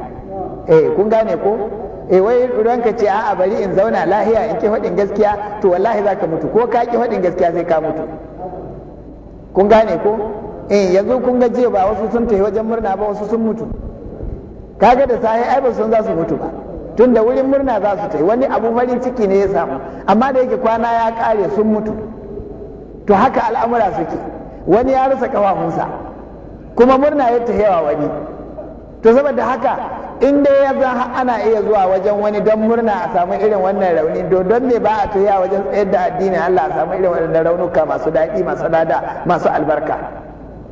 eh kun gane ko E wai ranka ce a bari in zauna lahiya in ki faɗin gaskiya to wallahi zaka mutu ko ka ki faɗin gaskiya sai ka mutu kun gane ko eh yanzu kun ga jiya ba wasu sun tafi wajen murna ba wasu sun mutu kaga da sahi ai ba sun za su mutu ba tun da wurin murna za su tafi wani abu farin ciki ne ya samu amma da yake kwana ya kare sun mutu to haka al'amura suke wani ya rasa kafafunsa kuma murna ya tafi yawa wani to saboda haka in dai ya za ana iya zuwa wajen wani don murna a samu irin wannan rauni don me ba a tuya wajen tsayar da addinin Allah a samu irin wannan raunuka masu daɗi masu lada masu albarka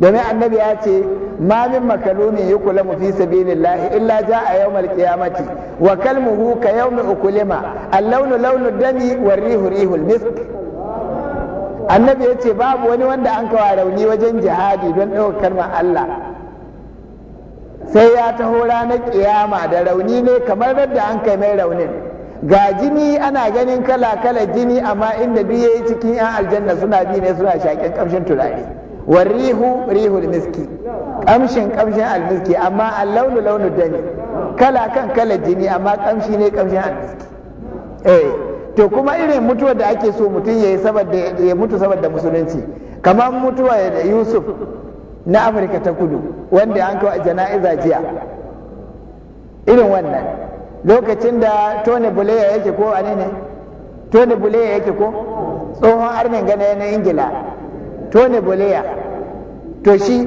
domin annabi ya ce ma min makalumi yukulamu fi sabilillahi illa yau yawmal qiyamati wa kalmuhu ka yawmi ukulima al launu launu dami wa rihu rihul misk annabi ya ce babu wani wanda an kawa rauni wajen jihadi don ɗaukar kalmar Allah sai ya taho ranar kiyama da rauni ne kamar yadda an kai mai raunin ga jini ana ganin kala kala jini amma inda biye yayi cikin yan aljanna suna bi ne suna shaƙen kamshin turare warihu rihul miski kamshin kamshin almiski amma allaunu launu dani kala kan kala jini amma kamshi ne kamshin almiski eh to kuma irin mutuwar da ake so mutum ya saboda ya mutu saboda musulunci kamar mutuwar Yusuf na Afirka ta kudu wanda an kawo jana'iza jiya irin wannan lokacin da Tony Blair yake ko a ne Tony Blair yake ko tsohon arnin gane na Ingila Tony Blair to shi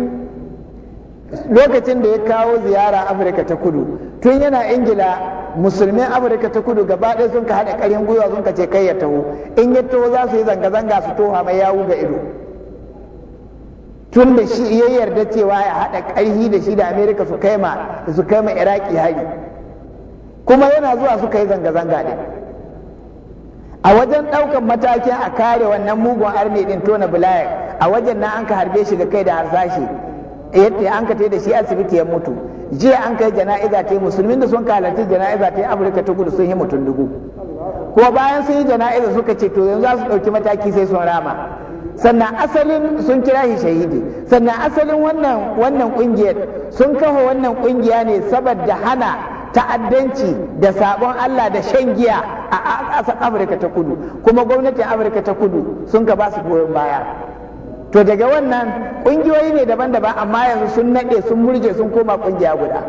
lokacin da ya kawo ziyara Afirka ta kudu tun yana Ingila musulmin Afirka ta kudu gaba ɗaya sun ka haɗa ƙarin gwiwa sun ka ce kai ya taho in ya taho za su yi zanga-zanga su toha mai yawu ga ido tun da shi ya yarda cewa ya haɗa ƙarfi da shi da amerika su kai ma su kai ma iraki hari kuma yana zuwa suka yi zanga-zanga ne a wajen ɗaukan matakin a kare wannan mugun Armi din tona bulaya a wajen na an ka harbe shi ga kai da harsashi yadda an ka da shi asibiti ya mutu jiya an kai jana'iza ta musulmin da sun ka jana'iza ta afirka ta kudu sun yi mutum dubu kuma bayan sun yi jana'iza suka ce to yanzu za su ɗauki mataki sai sun rama sannan asalin sun kira shi shahidi sannan asalin wannan wannan kungiyar sun kafa wannan kungiya ne saboda hana ta'addanci da sabon Allah da shan giya a ƙasar Afirka ta kudu kuma gwamnatin Afirka ta kudu sun ka ba su goyon baya to daga wannan kungiyoyi ne daban-daban amma yanzu sun naɗe sun murje sun koma ƙungiya guda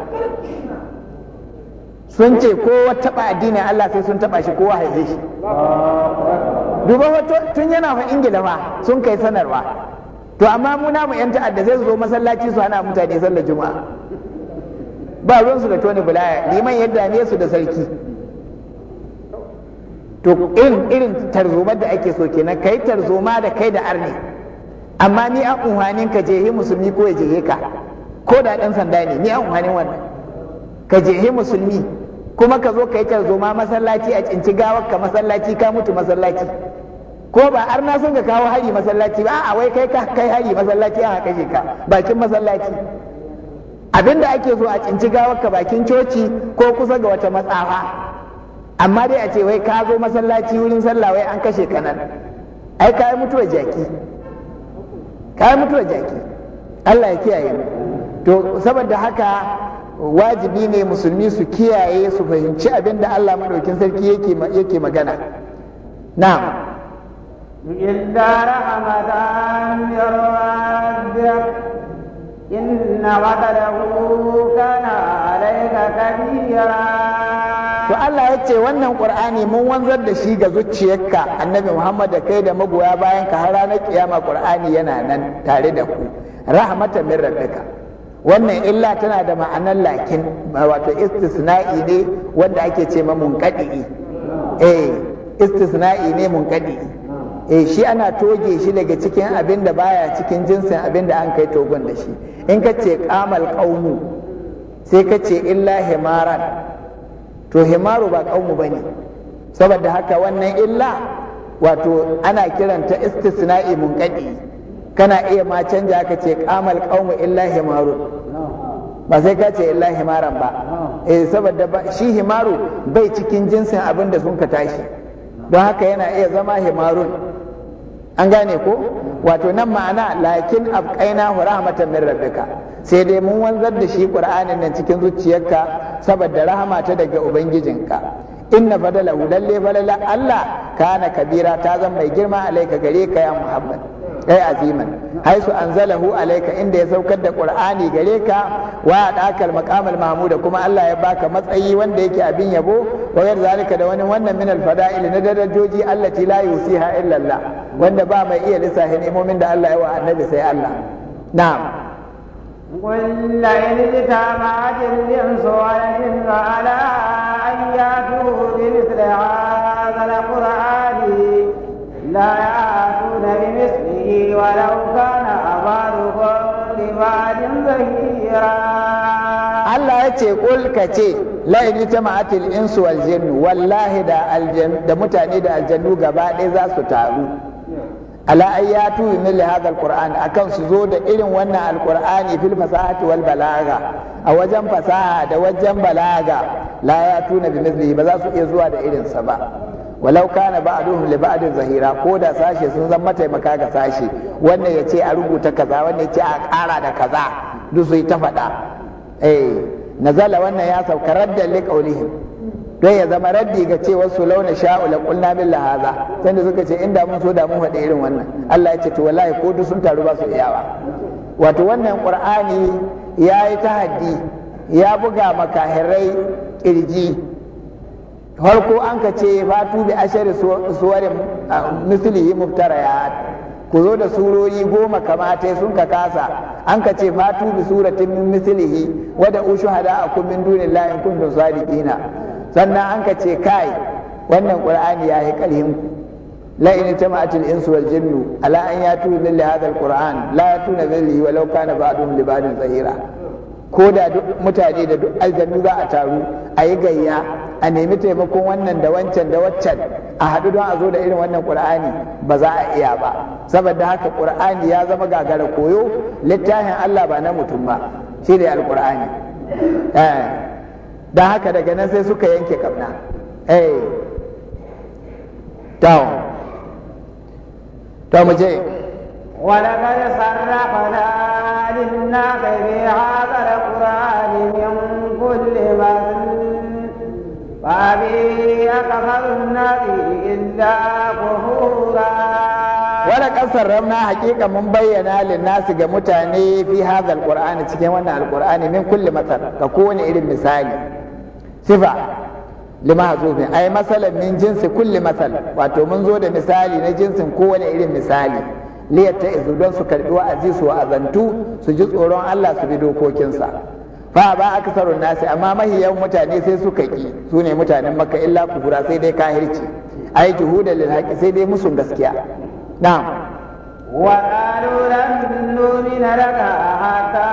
sun ce ko taɓa addini Allah sai sun taɓa shi kowa haife shi duba wato tun yana fa ingila ma sun kai sanarwa to amma mu namu yan ta'adda zai zo masallaci su hana mutane sallar juma'a ba ruwan su da toni bulaya liman yadda ne su da sarki to irin irin tarzomar da ake so kenan kai tarzoma da kai da arni amma ni an unhanin ka jehe musulmi ko ya jehe ka ko da dan sanda ne ni an unhanin wannan ka jehe musulmi kuma ka zo ka yi tarzoma masallaci a cinci gawar ka masallaci ka mutu masallaci ko ba har na sun ka kawo hari masallaci ba a wai kai ka kai hari masallaci a kashe ka bakin masallaci abinda ake so a cinci gawar ka bakin coci ko kusa ga wata matsafa amma dai a ce wai ka zo masallaci wurin sallah wai an kashe ka nan ai ka yi mutuwar jaki ka yi mutuwar jaki Allah ya kiyaye to saboda haka wajibi ne musulmi su kiyaye su fahimci abin da Allah madaukin sarki yake magana na'am Inna rahmatan من ربك إن وعده to Allah ya ce wannan Qur'ani mun wanzar da shi ga zuciyarka annabi Muhammad da kai da magoya bayan ka har ranar kiyama Qur'ani yana nan tare da ku rahmatan min rabbika wannan illa tana da ma'anar lakin wato istisna'i ne wanda ake ce ma munqadi eh istisna'i ne munqadi eh shi ana toge shi daga cikin abin da baya cikin jinsin abin da an kai togon da shi in ka ce qamal qaumu sai ka ce illa himaran to himaru ba qaumu bane saboda haka wannan illa wato ana kiranta istisna'i munqadi kana iya ma canja ka ce kamal kaumu illa himaru ba sai ka ce illa himaran ba eh saboda shi himaru bai cikin jinsin abin da sun ka tashi don haka yana iya zama himarun an gane ko wato nan ma'ana lakin abqaina rahmatan min rabbika sai dai mun wanzar da shi qur'anin nan cikin zuciyarka saboda rahama ta daga ubangijinka inna badala lalle balala Allah kana kabira ta zama mai girma alaika gare ka ya muhammad ai aziman haisu anzalahu alayka inda ya saukar da qur'ani gare ka wa dakal maqamal mahmuda kuma Allah ya baka matsayi wanda yake abin yabo wa yar zalika da wani wannan min al fada'il na darajoji allati la yusiha illa Allah wanda ba mai iya lissafi imomin da Allah ya wa annabi sai Allah na'am والليل على أن يأتوا بمثل هذا القرآن لا به Allah ya ce ƙulka ce ita ma'atil insu wal wallahi da da mutane da aljannu gaba ɗaya za su taru ala ayatu min hadha alquran akan su zo da irin wannan alqur'ani fil fasahati wal balaga a wajen fasaha da wajen balaga la yatuna bi mithlihi ba za su iya zuwa da irinsa ba walau kana ba'duhum li ba'din zahira ko da sashe sun zan mataimaka ga sashe wannan yace a rubuta kaza wannan yace a ƙara da kaza duk su ta faɗa eh nazala wannan ya sauka raddan li qaulihim don ya zama raddi ga cewa su launa sha'u la qulna lahaza sanda suka ce inda mun so da mun faɗi irin wannan Allah ya ce to wallahi ko duk sun taru ba su iyawa wato wannan qur'ani ya yi haddi, ya buga makahirai kirji farko an ka ce fatu bi ashari yi mislihi muftarayat ku zo da surori goma kamata sun ka kasa an ka ce fatu bi suratin min mislihi wada ushu hada akum min layin kundin kuntum sadiqina sannan an ka ce kai wannan qur'ani ya yi ƙarhin la in tama'at al insu wal jinnu ala an yatu min hadha al qur'an la yatuna wa walau kana ba'dhum li zahira ko da mutane da duk aljannu za a taru a yi gayya a nemi taimakon wannan da wancan da waccan a haɗu don a zo da irin wannan qur'ani ba za a iya ba saboda haka qur'ani ya zama gagara koyo littafin Allah ba na mutum ba shi ne alƙur'ani eh dan haka daga nan sai suka yanke kamna eh tawo to mu je ولقد صرفنا للناس في هذا القرآن من كل مثل Wani ƙasar ramna hakika mun bayyana linnasi ga mutane fi hadha alqur'ani cikin wannan alqur'ani min kulli matsal ga kowane irin misali sifa lima hazufin ai masalan min jinsi kulli matsal. wato mun zo da misali na jinsin kowane irin misali liyar ta izu don su karbi wa'azi su wa'azantu su ji tsoron Allah su bi dokokinsa fa ba aksarun nasi amma mahiyan mutane sai suka ki su ne mutanen makka illa kufura sai dai kahirci ai juhudan lil haqi sai dai musun gaskiya na'am wa qalu lan nu'mina laka hatta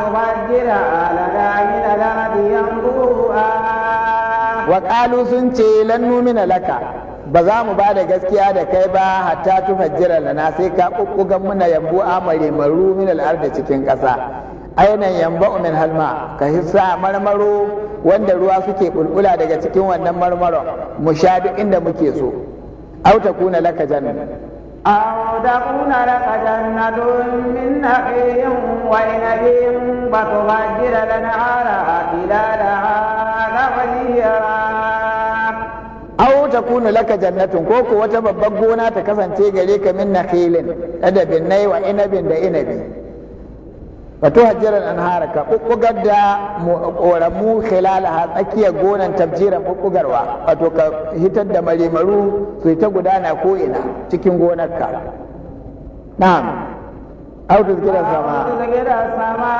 tufajjira lana min al-ardi yanbu'a wa qalu sun ce lan nu'mina laka ba za mu ba da gaskiya da kai ba hatta tufajjira lana sai ka kukkugan muna yambu mare maru min al-ardi cikin ƙasa ainihin yamba min halma ka hissa marmaro wanda ruwa suke bulbula daga cikin wannan marmaron mu sha duk inda muke so au ta kuna laka janna au ta kuna laka na min nakhilin wa inabin ba tuhajjira lana ara ilalaha ta kuna laka jannatun ko ko wata babbar gona ta kasance gare ka min nakhilin da binnai wa inabin da inabi wato hajjiran an haraka ɓuɓɓugar da ƙoramu khilalaha tsakiyar gonan tabjiran ɓuɓɓugarwa wato ka hitar da marimaru su ta gudana ko'ina cikin gonarka na'am au tuzgira sama tuzgira sama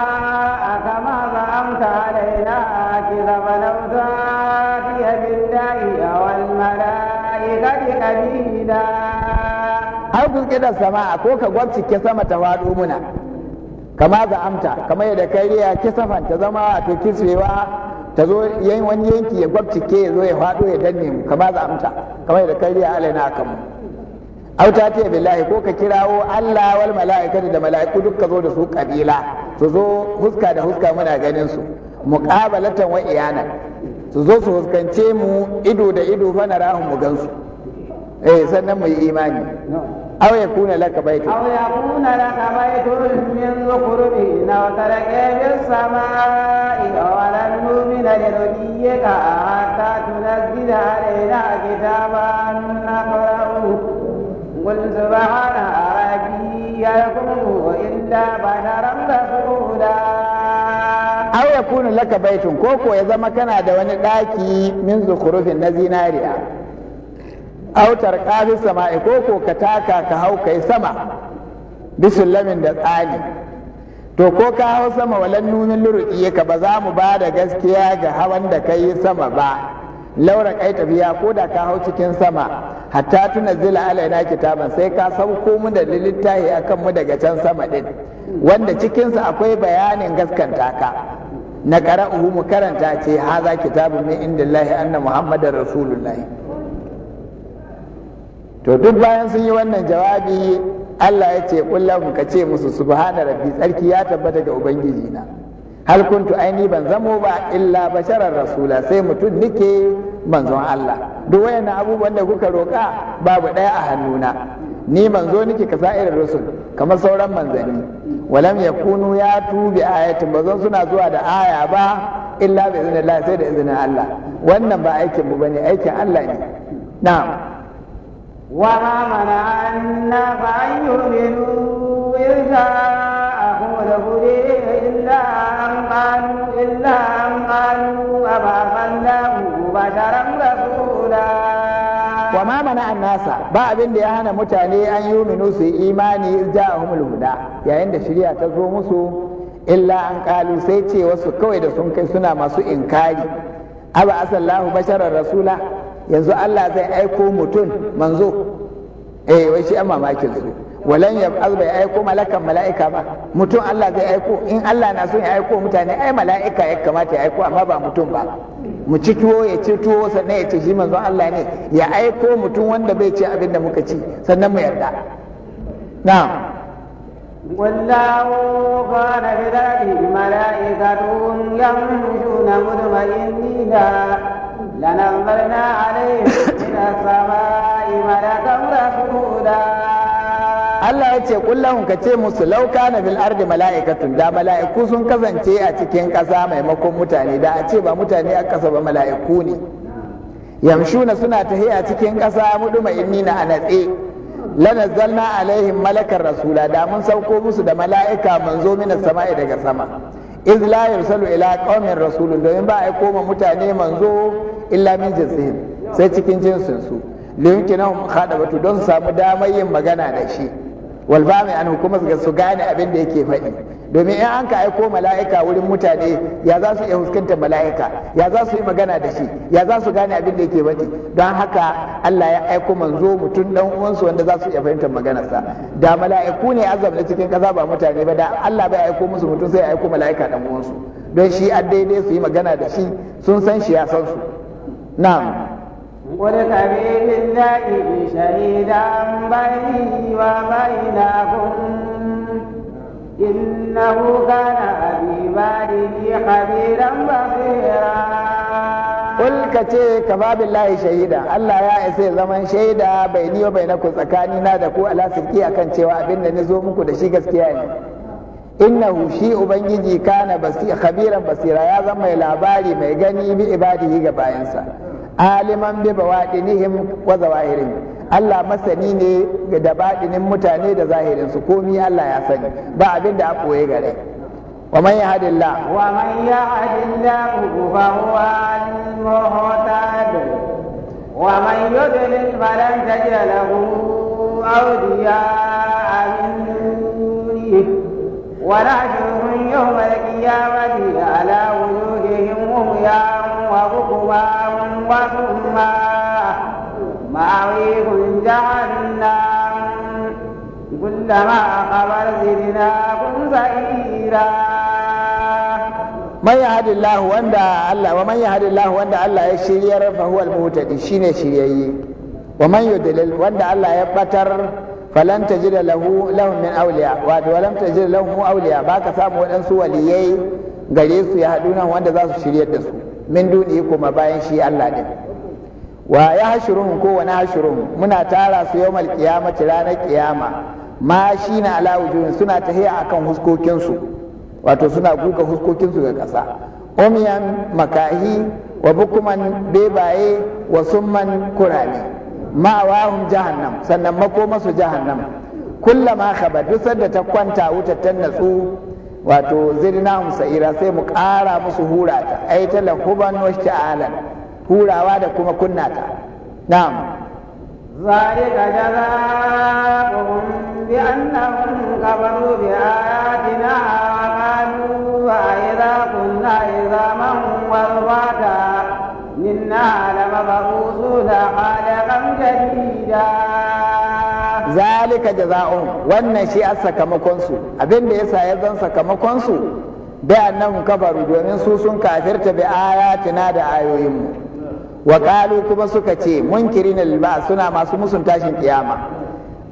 a kama ba amta alaina ki zama nauta biya billahi a wal mala'ikati qabila au tuzgira sama ko ka gwabcike sama ta faɗo muna kama za amta kama yadda kai riya kisafan ta zama wato kiswewa ta zo yayin wani yanki ya gwabcike ya zo ya faɗo ya danne mu kama za amta kama yadda kai riya alaina kan mu auta ta billahi ko ka kirawo Allah wal mala'ika da mala'iku duk ka zo da su kabila su zo huska da huska muna ganin su muqabalatan wa iyana su zo su huskance mu ido da ido fa narahum mu gansu eh sannan mu yi imani أو يكون لك بيت أو يكون لك بيت من ذكر أو ترك في السماء ولن نؤمن لنبيك حتى تنزل علينا كتابا نقرأه قل سبحان ربي يكون إلا بشرا رسولا aw yakunu laka baitun ko ko ya zama kana da wani daki min zukurufin na zinariya autar kafi sama ko ko ka taka ka hau kai sama lamin da tsani to ko ka hau sama walan numin luruɗi ka ba za mu ba da gaskiya ga hawan da ka yi sama ba laura kai tafiya ko da ka hau cikin sama hatta tuna zila alaina kitaban sai ka sauko mu da littafi akan mu daga can sama din wanda cikinsa akwai bayanin gaskanta ka na qara'uhu mu karanta ce haza kitabun min indillahi anna muhammadar rasulullahi to duk bayan sun yi wannan jawabi Allah ya ce kullum ka ce musu subhana rabbi tsarki ya tabbata ga ubangiji na hal kuntu aini ban zamo ba illa basharar rasula sai mutum nike manzon Allah duk wayannan abubuwan da kuka roka babu ɗaya a hannuna ni manzo nike ka sa'ir rusul kamar sauran manzanni walam yakunu ya tubi ayatin bazon suna zuwa da aya ba illa bi iznillah sai da izinin Allah wannan ba aikin mu bane aikin Allah ne na'am وما منع الناس أن يؤمنوا إذ جاءهم الهدى إلا أن قالوا إلا أن قالوا أبعثناه بشرا رسولا ba abin da ya hana mutane an yuminu su imani ja ja'ahumul huda yayin da shari'a ta zo musu illa an sai ce wasu kawai da sun kai suna masu inkari aba asallahu basharar rasula yanzu Allah zai aiko mutum manzo eh wai shi amma mamakin su walan ya bai aiko malakan mala'ika ba mutum Allah zai aiko in Allah na son ya aiko mutane ai mala'ika ya kamata ya aiko amma ba mutum ba mu ci tuwo ya ci tuwo sannan ya ce shi Allah ne ya aiko mutum wanda bai ci abin da muka ci sannan mu yarda na'am والله قال بذلك ملائكة يمشون مطمئنين من السماء ملكا Allah ya ce kullahun ka ce musu lauka na bil ardi mala'ikatun da mala'iku sun kasance a cikin ƙasa maimakon mutane da a ce ba mutane a ƙasa ba mala'iku ne yamshuna suna a cikin ƙasa mudu mai nina a natse lanazzalna alaihim malakar rasula da mun sauko musu da mala'ika manzo mina sama'i daga sama iz la yursalu ila qaumin rasulun domin ba a koma mutane manzo illa min jinsihim sai cikin jinsin su haɗa khadabatu don su samu damar yin magana da shi wal bami an hukuma su gane abin da yake faɗi domin in an ka aiko mala'ika wurin mutane ya za su iya huskanta mala'ika ya za su yi magana da shi ya za su gane abin da yake baki don haka Allah ya aiko manzo mutum dan uwansu wanda za su iya fahimtar maganarsa da mala'iku ne azab na cikin kaza ba mutane ba da Allah bai aiko musu mutum sai ya aiko mala'ika dan uwansu don shi a daidai su yi magana da shi sun san shi ya san su na'am قل الله شهيدا بيني وبينكم إنه كان بعباده خبيرا بصيرا Kul ka ce ka shahida Allah ya isa zaman shaida bai ni bai na ku tsakani na da ku ala sirki akan cewa abin da zo muku da shi gaskiya ne innahu shi ubangiji kana basi khabiran basira ya zama mai labari mai gani bi ibadihi ga bayansa aliman bi bawadinihim wa zawahirihim Allah masani ne ga dabaɗinin mutane da zahirinsu komi Allah ya sani ba abin da aka koye gare wa man yahdillah wa man yahdillah fa huwa al-muhtad wa man yudlil falan tajid lahu awliya ولكنهم يوم القيامة على وجوههم عميا وغكما وصما مأويكم جهنم كلما خبر زدناكم سعيرا wanda Allah ya hadi Allah wanda Allah ya shiryar fa huwa wa man yudlil wanda Allah ya batar falan tajid lahu lahum min awliya wa baka samu wadansu waliyai gare su ya haduna wanda za su da su min kuma bayan shi Allah wa ya hashuruhum ko wani hashuruhum muna tara su yawmal qiyamati ranar qiyama ma shi na ala wujuhin suna tahiya akan huskokinsu wato suna guga huskokinsu ga ƙasa umiyan makahi wa bukuman bebaye wa summan kurani Ma ma'awahum jahannam sannan makomasu jahannam kullama khaba duk sanda ta kwanta wuta ta natsu wato zirna sa'ira sai mu ƙara musu hurata ai ta lahuban wa sha'alan hurawa da kuma kunna ta na'am zalika jazaa'uhum bi annahum kafaru bi ayatina wa qalu wa idza kunna idzaman wa rata minna lamabusuna khalaqan jadida zalika jazaa'uhum wannan shi a sakamakon su abinda yasa ya zan sakamakon su bi annahum kafaru domin su sun kafirta bi ayatina da ayoyinmu wa qalu kuma suka ce munkirin al-ba suna masu musun tashin kiyama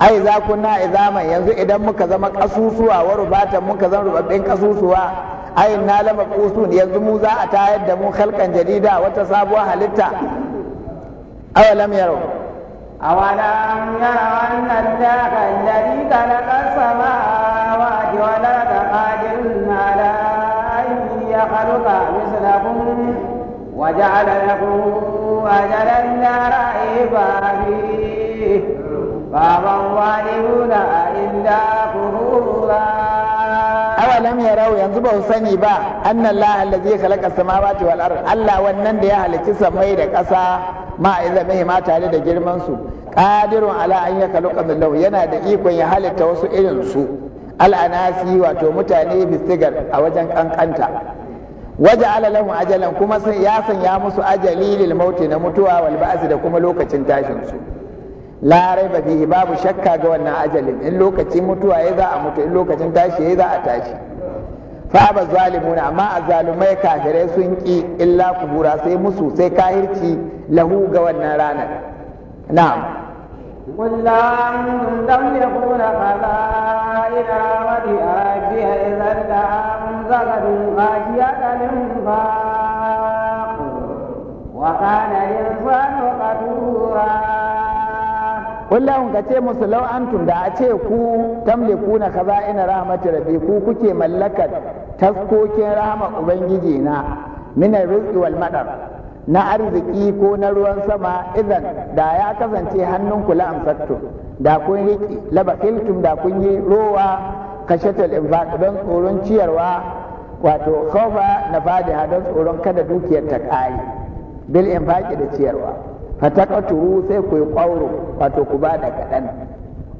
ai za ku na izama yanzu idan muka zama kasusuwa wa rubatan muka zama rubabbin kasusuwa ai na lama ƙusun, yanzu mu za a tayar da mu halkan jarida wata sabuwar halitta Lam awalam yarau أولم يروا أن الله الذي خلق ta والأرض قادر da ya haruka مثلهم وجعل لكم أجلا لا ريب فيه فما الظالمون إلا yarau yanzu ba sani ba annan la allazi khalaqa ba ta wal'ar. allah wannan da ya halicci samai da ƙasa ma izamihi ma tare da girman su qadirun ala an yakhluqa millahu yana da ikon ya halitta wasu irin su al'anasi wato mutane bisigar a wajen kankanta waje alalahu ajalan kuma sai ya sanya musu ajali lil mauti na mutuwa wal ba'si da kuma lokacin tashin su la raiba fihi babu shakka ga wannan ajalin in lokacin mutuwa ya za a mutu in lokacin tashi ya za a tashi fa ba zalimuna amma azalumai kafirai sun ki illa kubura sai musu sai kahirci lahu ga wannan ranar na'am قل لا أنتم تملكون خزائن رحمة فيها إذا الإنفاق وكان الإنسان قدورا kullum ka ce musu lau da a ce ku tamlikuna ina rahmatu rabbi ku kuke mallakar taskokin rahama ubangiji na minar rizqi wal madar na arziki ko na ruwan sama idan da ya kasance hannun kula amsattu da kun riƙe labakiltum da kun yi rowa kashatal infaq don tsoron ciyarwa wato kofa na fadiha don tsoron kada dukiyar ta kayi bil infaq da ciyarwa fataqaturu sai ku yi wato ku ba da kadan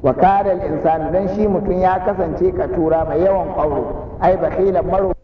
wa kare al insanu don shi mutum ya kasance katura mai yawan kwauro ai bakilan maro